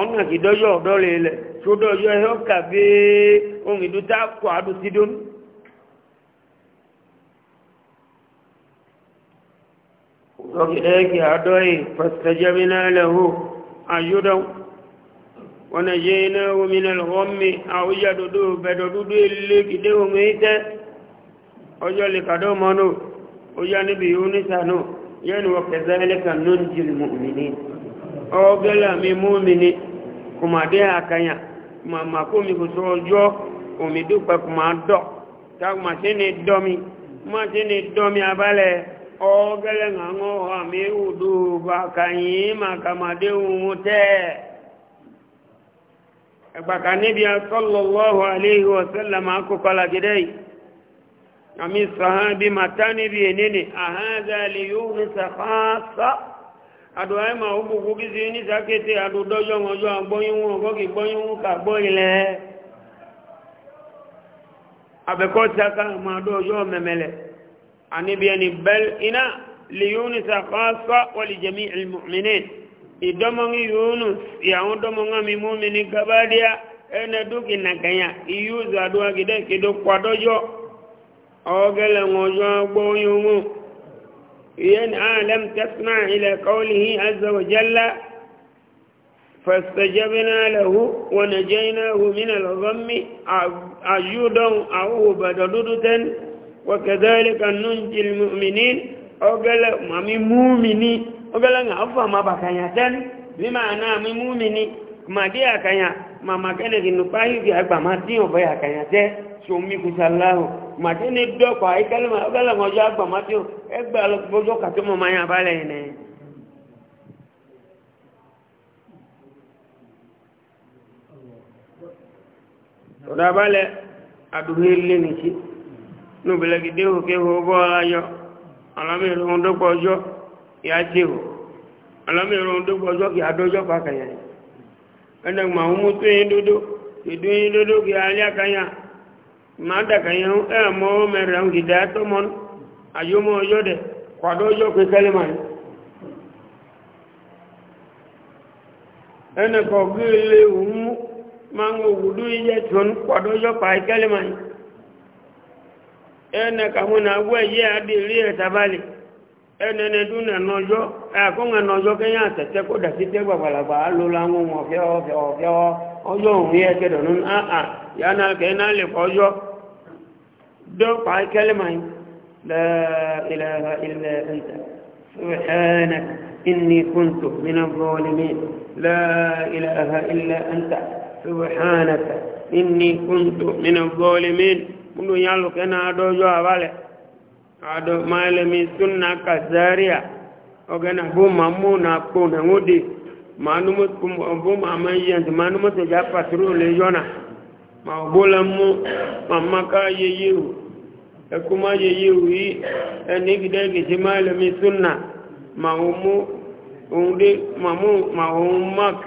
ọ̀nà كده جو rẹ̀ شو ṣó جو ẹ̀ بي kàbí ohun ìdútà سيدون وكذلك أدعي فاستجبنا له أجدا ونجيناه من الغم أو يددوه بددوه اللي كده ميتة أجل كده منو أجل بيونس أنو يعني وكذلك ننجي المؤمنين أجل من مؤمنين كما دي أكايا كما ما كومي كسوجو كومي دوبا كما دو تاك ما سيني دومي ما سيني دومي أبالي ogele nga ngo ha mi udu ba kanyima kama de umute ba kanibi sallallahu alaihi wasallam akukala gidai ami sahabi matani bi nini ahadha li ma ubu kugizi ni zakete adu dojo ngojo agboyun ogo anibiyani bal ina li yunusa khasa wa li jami'il mu'minin idomongi yunus ya undomonga mi mu'mini gabadia ene duki naganya iyuzu adua gide kido kwadojo ogele ngojo gboyumu yen alam tasma ila qawlihi azza wa jalla فاستجبنا له ونجيناه من الغم أجودا أو بددودة وكذلك ننجي المؤمنين أقول مامي مؤمني أقول أفا ما بكياتن بمعنى مي مؤمني ما دي أكيا ما ما كان ينفعي في أكبر ما دي أبي أكيا تي سومي كسالله ما كان يدوك أي كلمة أقول ما جاء أكبر ما دي أكبر لك بوجو كتوم ما يبالين Ọ̀dàbálẹ̀ àdúgbò ilé nìkí nùbìlẹ̀gidé òkè ọgbọ́ aláyọ alámìíràn dọ́pọ̀ ọjọ́ kí á dé o alámìíràn dọ́pọ̀ ọjọ́ kí á dọ́jọ́ pàkàyà ẹnẹgbà ń mú tó yín dúdú ìdú yín dúdú kí á lé àkàyà máa dàkàyà ń ẹ̀ mọ́ mẹ́rẹ̀ ń kìdá tó mọ́ àyọmọ́ ọjọ́ dẹ̀ kọ́dọ̀ ọjọ́ pé kẹ́lẹ́mà ni. ẹnẹkọ̀ gbé ilé òun máa ń wò wùdú yíyẹ tó ń kọ́dọ̀ ene kamuna gwe ye adiri etabali ene ne duna nojo akonga e, nojo kenya tete ko da site gwa bala ba lo la ngu mo ke o ke o ke o ojo mu ye ke do nun a a ya na ke na le ko jo do pa kalma la ilaha illa anta subhanak inni kuntu min adh-dhalimin la ilaha illa anta subhanaka inni kuntu min adh-dhalimin mundu nyalu kena adojo avale ado maele misunna kazaria ogena buma muna na ngudi manumus buma amayanti manumus ja patrol yona maogola mu mamaka yeyewu ekuma yeyewu yi enigide gisi maele misunna maumu onde mamu maumak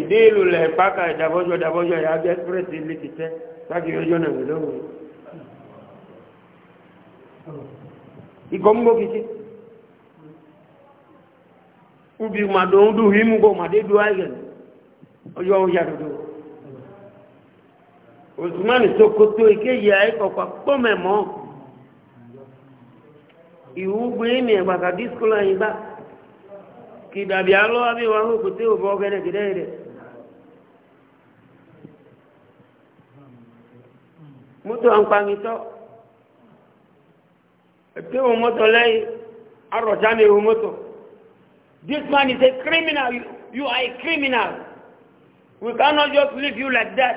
ìdí ìlú lẹ̀ pákà ìdàbọ́jọ́ ìdàbọ́jọ́ ìyá bí ẹ́sìpírẹ́sì ilé ti tẹ́ láti ọjọ́ náà wò lóhùn ìkọ̀múgbò kìí ubi màdó ń dùn yìí mú bò màdé dùn àìgẹ̀n ọjọ́ ohun yà dúdú osùmánì sokoto ìkéyìí àìkọ̀kọ̀ pọ́mẹ̀mọ́ ìwúgbé ní ẹ̀gbàgà dísíkọ́lá yìí bá kìdàbí alọ́ àbí wọn ó kùtẹ́ òfò ọgẹ́dẹ̀ kìdẹ́ rẹ̀ mọ́tò àǹpàmìtọ́ ẹ̀tẹ́ wọn mọ́tò lẹ́yìn arọ̀jáni ìwọ mọ́tò this man is a criminal you, you are a criminal we cannot just leave you like that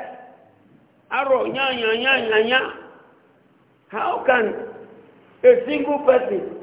arọ̀ yányányányányá how can a single person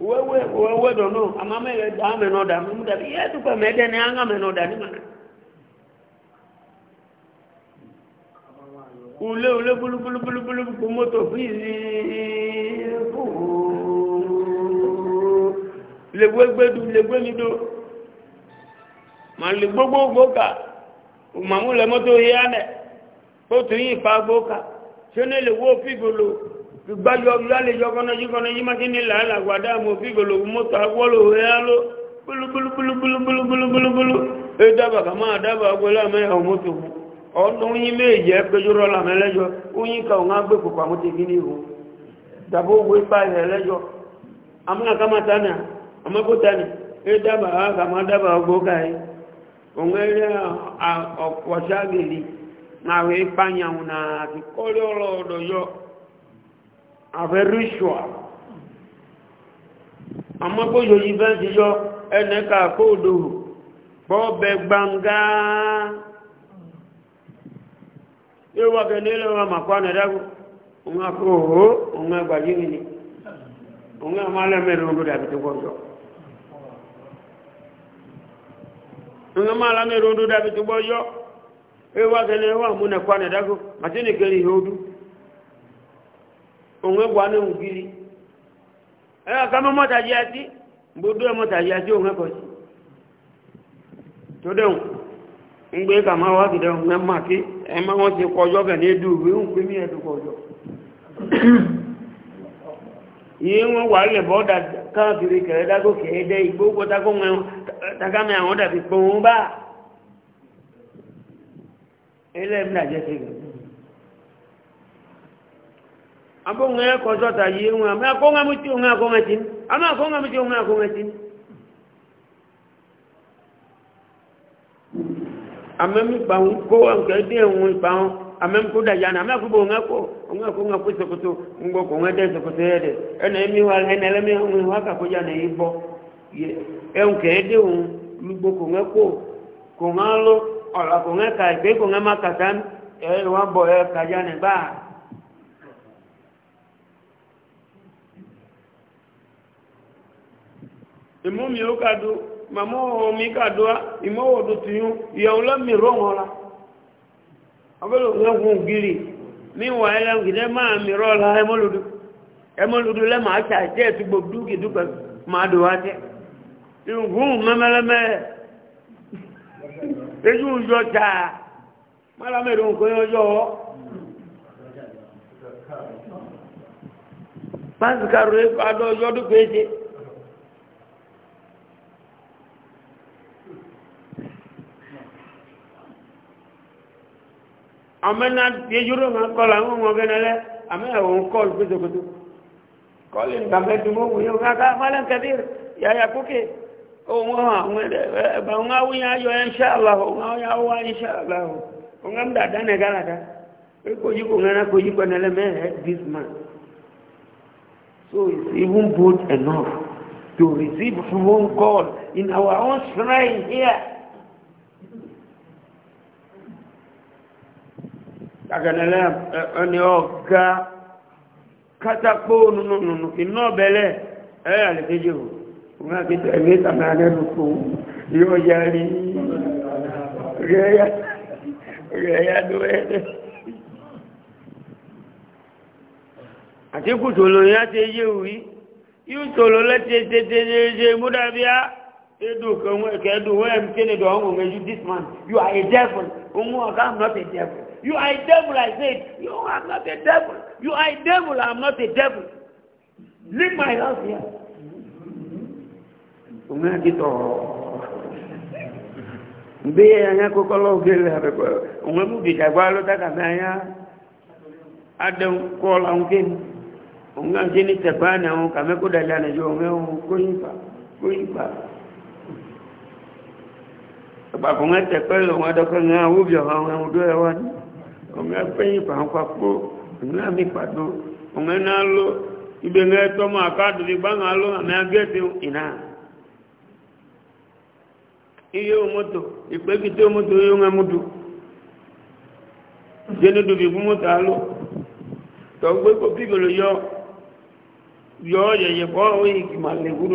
wewe wewe dono ama mele da meno da mu da ye tu pa mede ne anga meno da ni mana ule ule bulu bulu bulu bulu ku moto fizi ku le gbegbe du le gbe mi do ma le gbogbo gboka mamu le moto ye ane o tu yi pa gboka se ne le wo pigolo gbájú ọdún lálejò ọkọ̀nàjú kọ̀nàjú má kí ní làálà gbàdá mọ̀ bí gbòlògbò mọ́tò agbọ́lò ẹ̀yà ló búlúbúlúbúlúbúlúbúlú ẹ dábàá kà máa dábàá gbọ́lá mẹ́yà mọ́tò tani tani àfẹ́ ritual àmọ́ kó yóò yí fẹ́ǹsì yọ ẹnẹ́ka kóòdò bọ́ọ̀bẹ gbangá yóò wá kẹ́ nílẹ̀ wọn màkọ́ ànàdágó òun akóhó òun agbàjí nga ma la da bi yo e wa wa mu ne kwa ne du. onwe gwana ngiri eh kama mota jiati mbudu mota jiati onwe ko to deun ngbe kama wa gide onwe maki e ma won ti kojo ke ni du bi un pe ihe e du kojo yi kaafiri wa igbo ele ambo ngaya kozo ta yinwa ma ko nga muti nga e ko ngatin ama ko muti nga ko ngatin ama mi pa un ko an ke de un pa un ama mi ko da yana ama ko bo nga ko nga e ko nga ko ngo ko nga de ya ne ibo ye e un ke de un lugbo ko ìmú mi ó kàdó màmú ọ̀hún mi kàdó á ìmú ọ̀dọ̀ tì yún ìyàwó lọ́mì rọ̀ wọn la abẹ́lẹ̀ òun ẹ̀hún gírì mi wà ẹ́ lẹ́nu kìdẹ́ máa mi rọ̀ la ẹmọ́lódú ẹmọ́lódú dúkì dò wá jẹ́ ìhùn ìjọ pásítọ̀ rẹ̀ adọ́ ọjọ́ amena yejuro ma kola mo mo genele ame o kol gudu gudu kolin gambe dumo wuyo ga ga falan kabir ya ya kuke o mo ha mo ba nga wuya yo insha Allah nga ya wa insha Allah nga mda dane gala da e ko yiko ngana ko yiko nele me this man so is even good enough to receive from call in our own shrine here taganẹlẹ ẹni eh, ọ̀gá eh, katakpo nùnùnù iná bẹlẹ ẹ eh, àlẹkẹjẹ o wọn á kéde ẹgbẹ tàmí alẹnu kó yóò yarí rẹ ya do ẹ dẹ àti kùtòlò yẹn ti yé wí yóò tòlò lẹsẹ tètè múdàbíà edu kan kẹdùn wọn ẹni kéde dọ ọhún ọmọ ẹjú this man you are a devil òun ọkà i'm not a You are a devil, I said. You are not a devil. You are a devil, I am not a devil. Leave my house here. Òmìnira di tọ̀ bí ẹ̀yà kókó lọ́gbé lẹ́rẹ̀kọ́ òun mú bìtà gbá ló tákàtà ẹ̀yà adẹ́un kọ́ láun ké ní òun náà ṣe ní tẹ̀pá náà òun kàmẹ́kó dàjà nàìjọ òun ẹ̀hún kóyìnbà kóyìnbà ọ̀pàkùnrin tẹ̀pẹ́ lòun adọ́kọ̀ ní àwọn òbí ọ̀hún ẹ̀hún dó ẹ̀wọ́ ní. ọmọ ẹgbẹ́ yìí pàápàá pò ọmọ mi pàdó ọmọ ẹni aló ibẹ̀ ń ẹtọ́ mọ́ àkádùrí gbáhùn aló àmì agẹ́tì ìná iye mọ́tò mọ́tò iye ń jẹ́nu dùbí fún mọ́tò aló tọ́gbé kò pígòlò yọ yọ yẹ̀yẹ̀ òye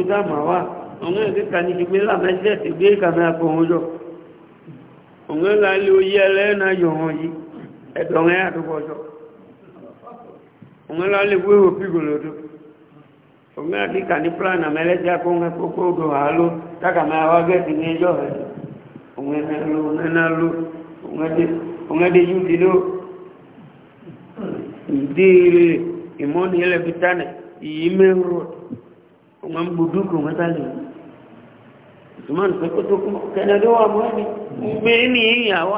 dáàmà wá ọmọ kan ẹ̀tọ́ ọ̀hún ẹ̀yà tó kọ́ ọjọ́ òun lọ lè wéwò pígòlódó òun náà kí kà ní plan àmẹ́lẹ́sí akóhun kókó odò àálò tákàmẹ́ àwágẹ́sì ní ẹjọ́ rẹ̀ òun ẹ̀nà ló òun ẹ̀nà ló òun ẹ̀dẹ́ yú ti ló ìdí ilé ìmọ́ni ẹlẹ́bi tánẹ̀ ìyí mẹ́rọ òun ń gbòdú kò wọ́n sálẹ̀ ìtumọ̀ nìkan kó tó mọ́ ẹni gbé ní ìyàwó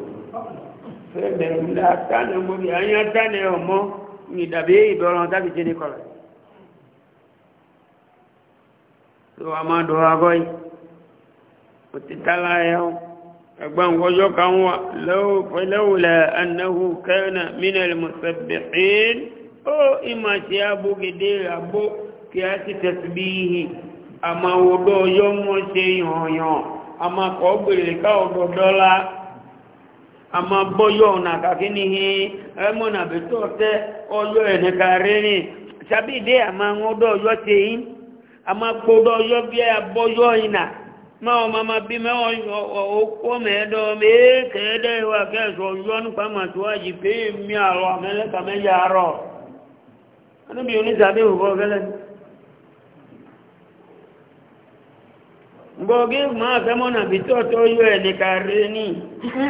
fẹ́ẹ̀mẹ̀ ńlá tánà mọ́bí àyà tánà ọmọ ìdàbí ìbọ̀rọ̀ tàbí jẹ́ ní kọ̀rọ̀ tó wà máa dọ̀ agọ́ yìí mo ti tálá ẹ̀họ́ ẹgbọ́n gọ́jọ́ kan wà lẹ́wùlẹ̀ annahu kẹ́ẹ̀nà mínẹ̀lì mọ̀sẹ̀bẹ̀ẹ́n ó ìmà ṣe abúgidé àbó kí a ti tẹ̀sibíhì àmà òdó ọjọ́ mọ́ ṣe yànyàn àmà gbèrè ká ọ̀dọ̀ dọ́là àmà bọ́yọ́ ọ̀nà kàkí ní hí ẹmọ́ nà bí tó tẹ́ ọyọ́ ẹ̀nà kàrí ní sàbí ìdí àmà ọdọ́ ọyọ́ tẹ́ yí àmà kpọ́dọ̀ ọyọ́ bí i àbọ́yọ́ ìnà máa ọmọ bí mẹ́wọ́n ọkọ́ gbogbo ma fẹ́mọ́nà bí tọ́tọ́ yóò ẹ̀ ní kàrí ní ìfẹ́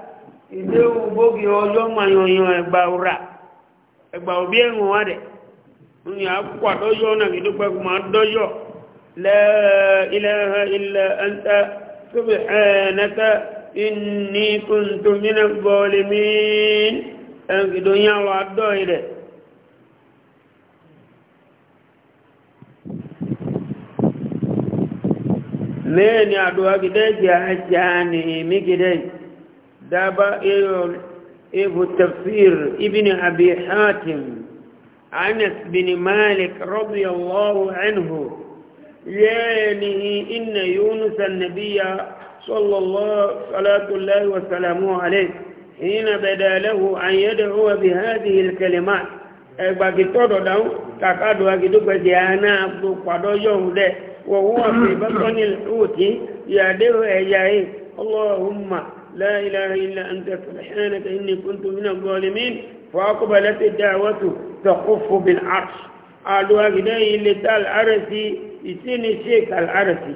ìdéhù bógi ọjọ́ mayọ̀yọ̀ ẹgbà ọ̀rà ẹgbà òbí ẹ̀wọ̀n wá dẹ̀ ní àkókò àdọ́yọ́ náà ìdúpẹ́ kùmà dọ́yọ́ ilẹ̀ ẹ̀ntẹ́ tóbi ẹ̀ẹ́nẹ́tẹ́ inní kùntù mínà bọ́ọ̀lẹ́mí ẹ̀ǹkìdóyàwó àdọ́ ilẹ̀ mẹ́ẹ̀ni àdúrà gidẹ́ jẹ́ àjá mí gidẹ́ دابا إبو التفسير ابن أبي حاتم أنس بن مالك رضي الله عنه يعني إن يونس النبي صلى الله صلاة الله وسلامه عليه حين بدا له أن يدعو بهذه الكلمات ẹgbàgì tọ́dọ̀ dáhùn kàkàdù agidúgbẹ̀dì àánà àgbòpàdọ́ yọ̀hùn dẹ̀ wọ̀wọ́ àfẹ́ ìbátọ́ni òtí ìyàdé ẹ̀yà ẹ̀ ọlọ́ọ̀hùn máa لا إله إلا أنت سبحانك إني كنت من الظالمين فأقبلت الدعوة تخف بالعرش قالوا اللي تال عرسي يسيني شيك العرسي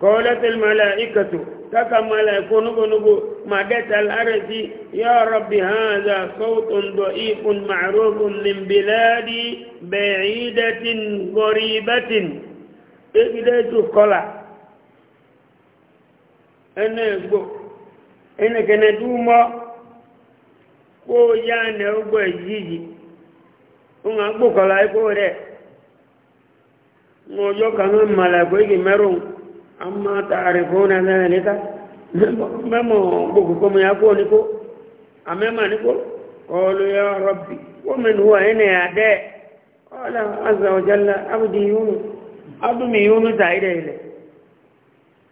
قالت الملائكة تكا ملائكة نبو نبو دات العرسي يا رب هذا صوت ضعيف معروف من بلادي بعيدة قريبة اجدائي تقلع أنا أقول ẹnìkẹ́nẹ́ dúmọ́ kó yá nẹ ọgbọ̀ yìí wọn agbókọ̀lá ikú rẹ̀ wọn ọjọ́ kan ń malẹ̀ pé kì mẹ́rùn a máa tààrí fún ẹgbẹ̀rẹ̀ níta mẹ́mọ̀ gbogbo mọ́ ya kó níkó àmẹ́mà níkó kọlu ya rọ̀bì wọ́n mẹ́nu wà ẹnì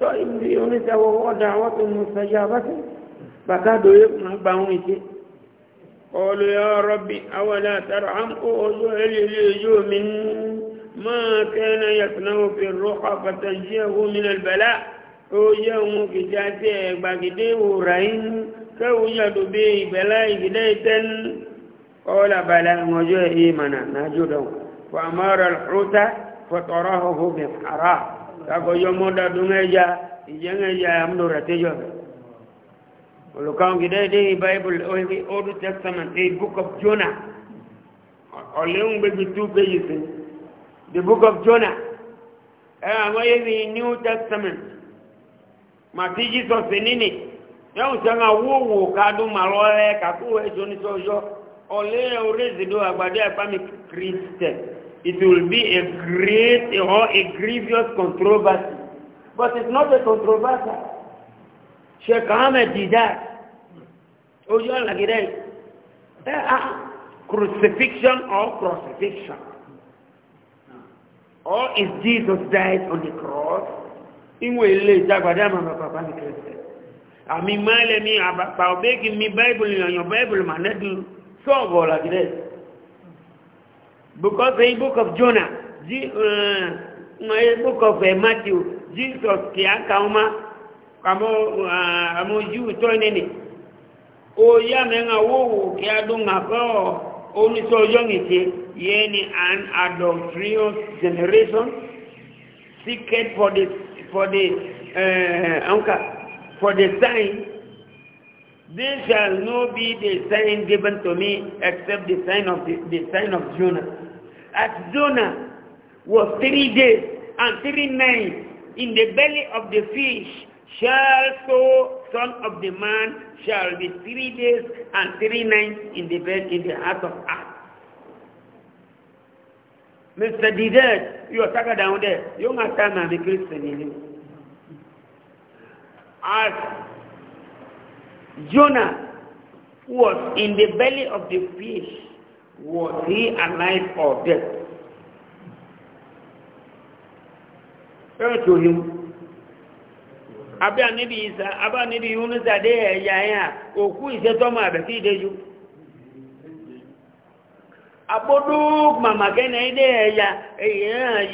طيب يونس وهو دعوة مستجابة فكادوا يقنع بعونك قالوا يا ربي أولا ترحم أوزعل لجوم ما كان يصنع في الروح فتنجيه من البلاء أوزعهم كتاتي بكديه رين كوجد به بلاء كديتا قال بلاء وجه إيمانا نجده فأمر الحوت فطراه بحرام tako yomo da dungeja ijengeja amdo ratejo ulukaon gidai dai bible ohi old testament the book of jonah oleun be bitu be yisi the book of jonah eh amo yezi new testament mati jesus nini yóò sẹ́nu awówo kadu malọ́ ẹ kakó ẹjọ́ ní sọ́jọ́ ọ̀lẹ́ orí ìdìdó àgbàdo ẹ̀fámi kristẹ it will be a great or a grievous controversy. But it's not a controversy. Sheikh Ahmed did that. Oh, you are like it. Crucifixion or crucifixion. Or is Jesus died on the cross, inwe ile jagbada mama papa ni kristo ami male mi aba pa obeki mi bible yo bible manadu so go like Because the book of Jonah, the uh, book of uh, Matthew, Jesus kia kauma kamo uh, amo ju to nini. O ya menga wo kia dunga only so young it yeni and adulterous generation seeked for the for the uh, for the sign this shall not be the sign given to me except the sign of the, the sign of Jonah at Jonah was three days and three nights in the belly of the fish shall so son of the man shall be three days and three nights in the belly in the heart of earth. Mr. Didet, you are talking down there. You must come and be Christian in you. As Jonah was in the belly of the fish, was he a knife or death? Turn to him. isa, abia nibi Yunus ade ẹ̀yà ẹ̀yà, òkú ìṣẹ́ tọ́mọ àbẹ̀kí ìdéjú. Àbódú màmà kẹ́nà ìdé ẹ̀yà ẹ̀yà náà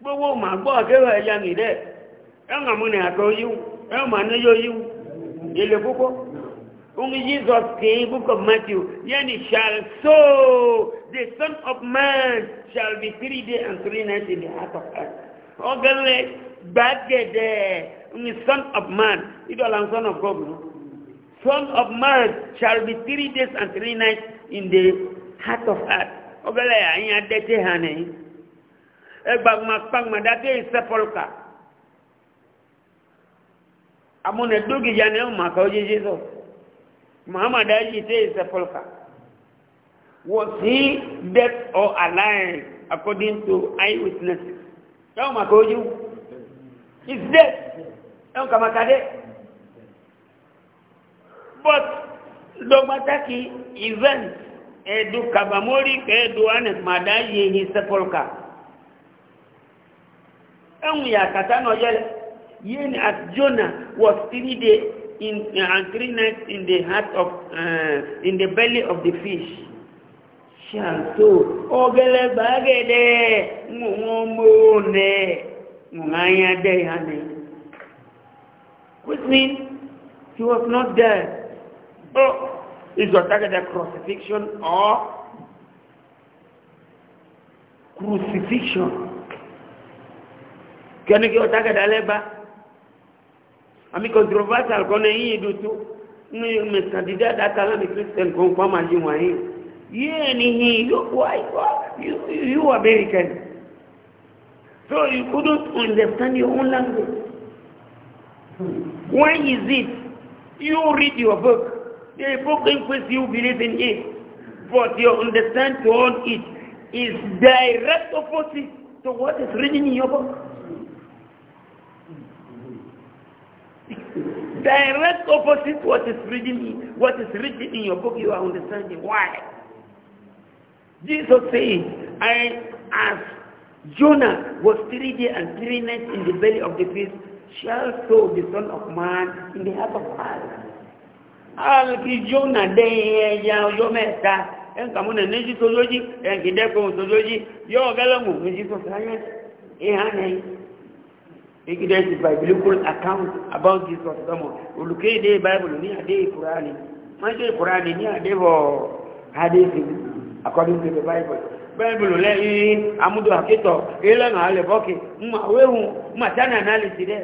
Gbogbo màá gbọ́ àkẹ́wọ̀ ẹ̀yà nìdẹ́. Only Jesus gave book of Matthew, Yeni shall so the Son of Man shall be three days and three nights in the heart of earth. Ogele bagede, only Son of Man, it all Son of God. No? Son of Man shall be three days and three nights in the heart of earth. Ogele ayin adete hane. Egbagma pagma date sepolka. Amune dogi jane umaka oje Jesus. Muhammad Ashi says sepulchre was he dead or alive according to eye eyewitnesses tell my koju he's dead tell kamakade but dogmataki event edu kabamori edu anes madaye his sepulchre ẹ̀hùn yàtàtà náà yẹ́lẹ̀ yẹ́ni as jonah was three days in uh, agreement in the heart of uh, in the belly of the fish Shanto, ọgẹlẹ gbàgẹdẹ wọn mọ́ọ̀nẹ wọn which means he was not dead. oh is your target a crucifixion or crucifixion Can you ọ target alẹ́ bá. ami controversial kɔnɛ yi do to ne mɛ kandida da ta la ni christian kɔn kɔn ma yi wa ye yee ni hi yo wa you you american so you couldn't understand your own language why is it you read your book the book in which you believe in it but your understand to own it is direct opposite to what is written in your book. direct opposite what is written, what is written in your book, you are understanding why. Jesus says, I, as Jonah was three days and three nights in the belly of the fish, shall so the Son of Man in the heart of man. Alki Jonah dẹ́yẹ eh, ya ọjọ́ mẹ́ta, ẹ ń kà mú nà ní jíso lójí, ẹ ń kì dẹ́kun sójójí, yọ́ igidẹ́ by biblical account about jesus of ọmọ olùkéde bible ní adé Quran. wọ́n ṣe Quran, ní adé bọ̀ adéfin according to the bible bible lẹ́yìn amúdó àkétọ̀ ìlànà alẹ́ bọ́kì mọ̀ àwẹ́hùn mọ̀ sánà analysis dẹ́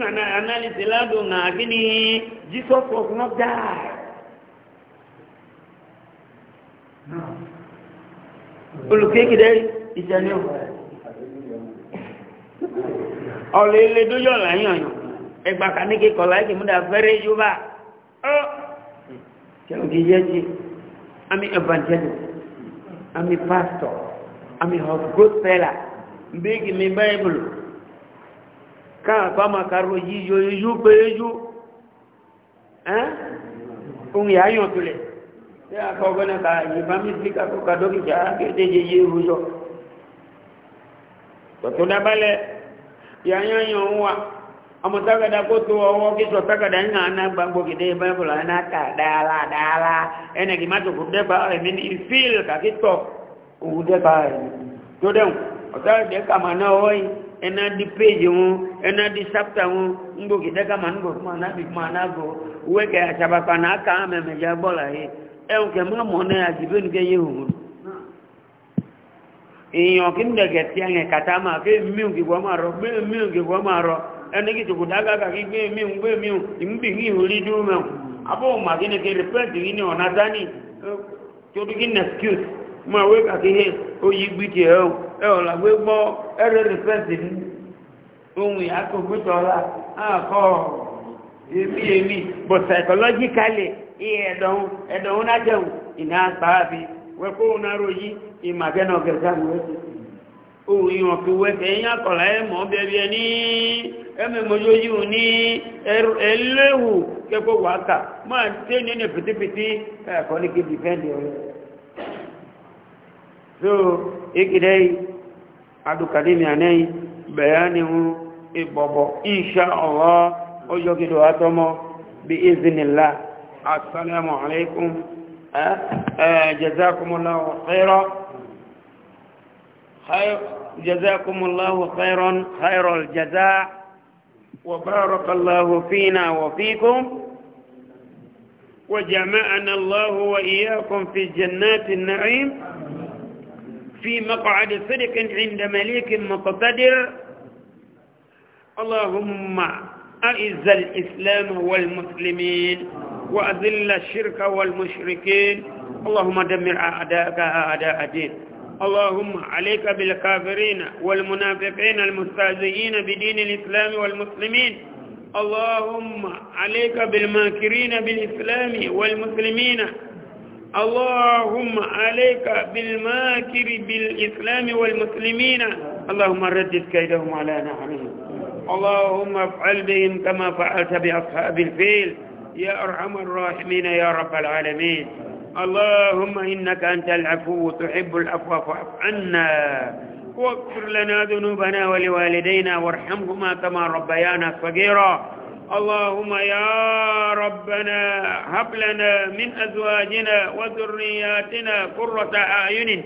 nana analysis ládùn náà kí ni jesus was not die olùkéde ìjẹni ọ̀hún ọ̀lẹ́ ilé dójọ́ làyàn yàn ẹgbà kaníkì kọ̀lá ìkì múdà fẹ́rẹ́ yóbá ọ́ kẹlù kì í yẹ́ jí àmì evangelist àmì pastor àmì hospital mbígi mi bible káàkọ́ àmàkàrò yíyọ yíyú pé yíyú ohun yà á yàn tulẹ̀ tí a kọ́ gbẹ́nà ká ìbá mi sí kakọ́ kadókìjà kéde yeye rújọ tọ̀tún dábálẹ̀ ya nyanya wa amutagada k'i owo kiso takada ina na gbagbo kide bible na ta dala dala ene gimato kude ba e min feel ka kito ude ba to dem ota de ma na oi ena di page mu ena di chapter mu ngo kide kama ngo mana bi mana go weke achaba kana ka me me ya bola e e ke ma mo ne ajibe nke yehu èèyàn kí ń dẹ̀gẹ̀ tí a yẹn kàtà máa fẹ́ mìíràn kí máa rọ gbé mìíràn kí wọ́n máa rọ ẹni kí tòkù dágàgà kí gbé mìíràn gbé mìíràn ìmúbì ní ìhòrí dúró mẹ́wọ̀n abọ́ òmà kí ni kí yìí ní ọ̀nà dání torí kí ní excuse máa wé kàkí hẹ́ ó yí gbí gbé gbọ́ ní ohun ìyàtọ̀ gbẹ́tọ̀ọ́lá ìmàgẹ́nà ọ̀gẹ̀gẹ́ àwọn ẹ̀sẹ̀ ohun ìwọ̀n fi wẹ́sẹ̀ yín àkọ̀lá ẹ̀ mọ́ bẹ̀rẹ̀ ẹ̀ ní ẹ̀mẹ̀mọ́jọ́ yìí ní ẹlẹ́wù kẹ́kọ̀ wákà máa tẹ́ ní ẹ̀nà pìtìpìtì ẹ̀kọ́ ní kí dìfẹ́ndì ọ̀rẹ́ so ikidai adukademi anẹ́yìn bẹ̀rẹ̀ ni wọn ìbọ̀bọ̀ insha allah ọjọ́ kìdọ̀ atọ́mọ́ bí izinillah assalamu alaikum jazakumullahu خير جزاكم الله خيرا خير الجزاء وبارك الله فينا وفيكم وجمعنا الله وإياكم في جنات النعيم في مقعد صدق عند مليك مقتدر اللهم أعز الإسلام والمسلمين وأذل الشرك والمشركين اللهم دمر أعداءك أعداء دين اللهم عليك بالكافرين والمنافقين المستهزئين بدين الإسلام والمسلمين اللهم عليك بالماكرين بالإسلام والمسلمين اللهم عليك بالماكر بالإسلام والمسلمين اللهم ردد كيدهم على نعمهم اللهم افعل بهم كما فعلت بأصحاب الفيل يا أرحم الراحمين يا رب العالمين اللهم إنك أنت العفو تحب العفو فاعف عنا واغفر لنا ذنوبنا ولوالدينا وارحمهما كما ربيانا صغيرا اللهم يا ربنا هب لنا من أزواجنا وذرياتنا قرة أعين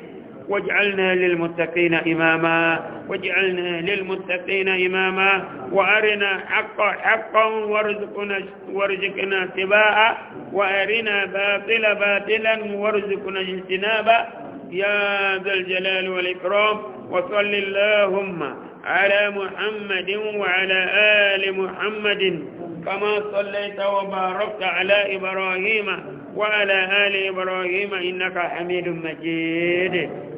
واجعلنا للمتقين إماما واجعلنا للمتقين إماما وأرنا حقا حقا وارزقنا وارزقنا اتباعا وأرنا باطلا باطلا وارزقنا اجتنابا يا ذا الجلال والإكرام وصل اللهم على محمد وعلى آل محمد كما صليت وباركت على إبراهيم وعلى آل إبراهيم إنك حميد مجيد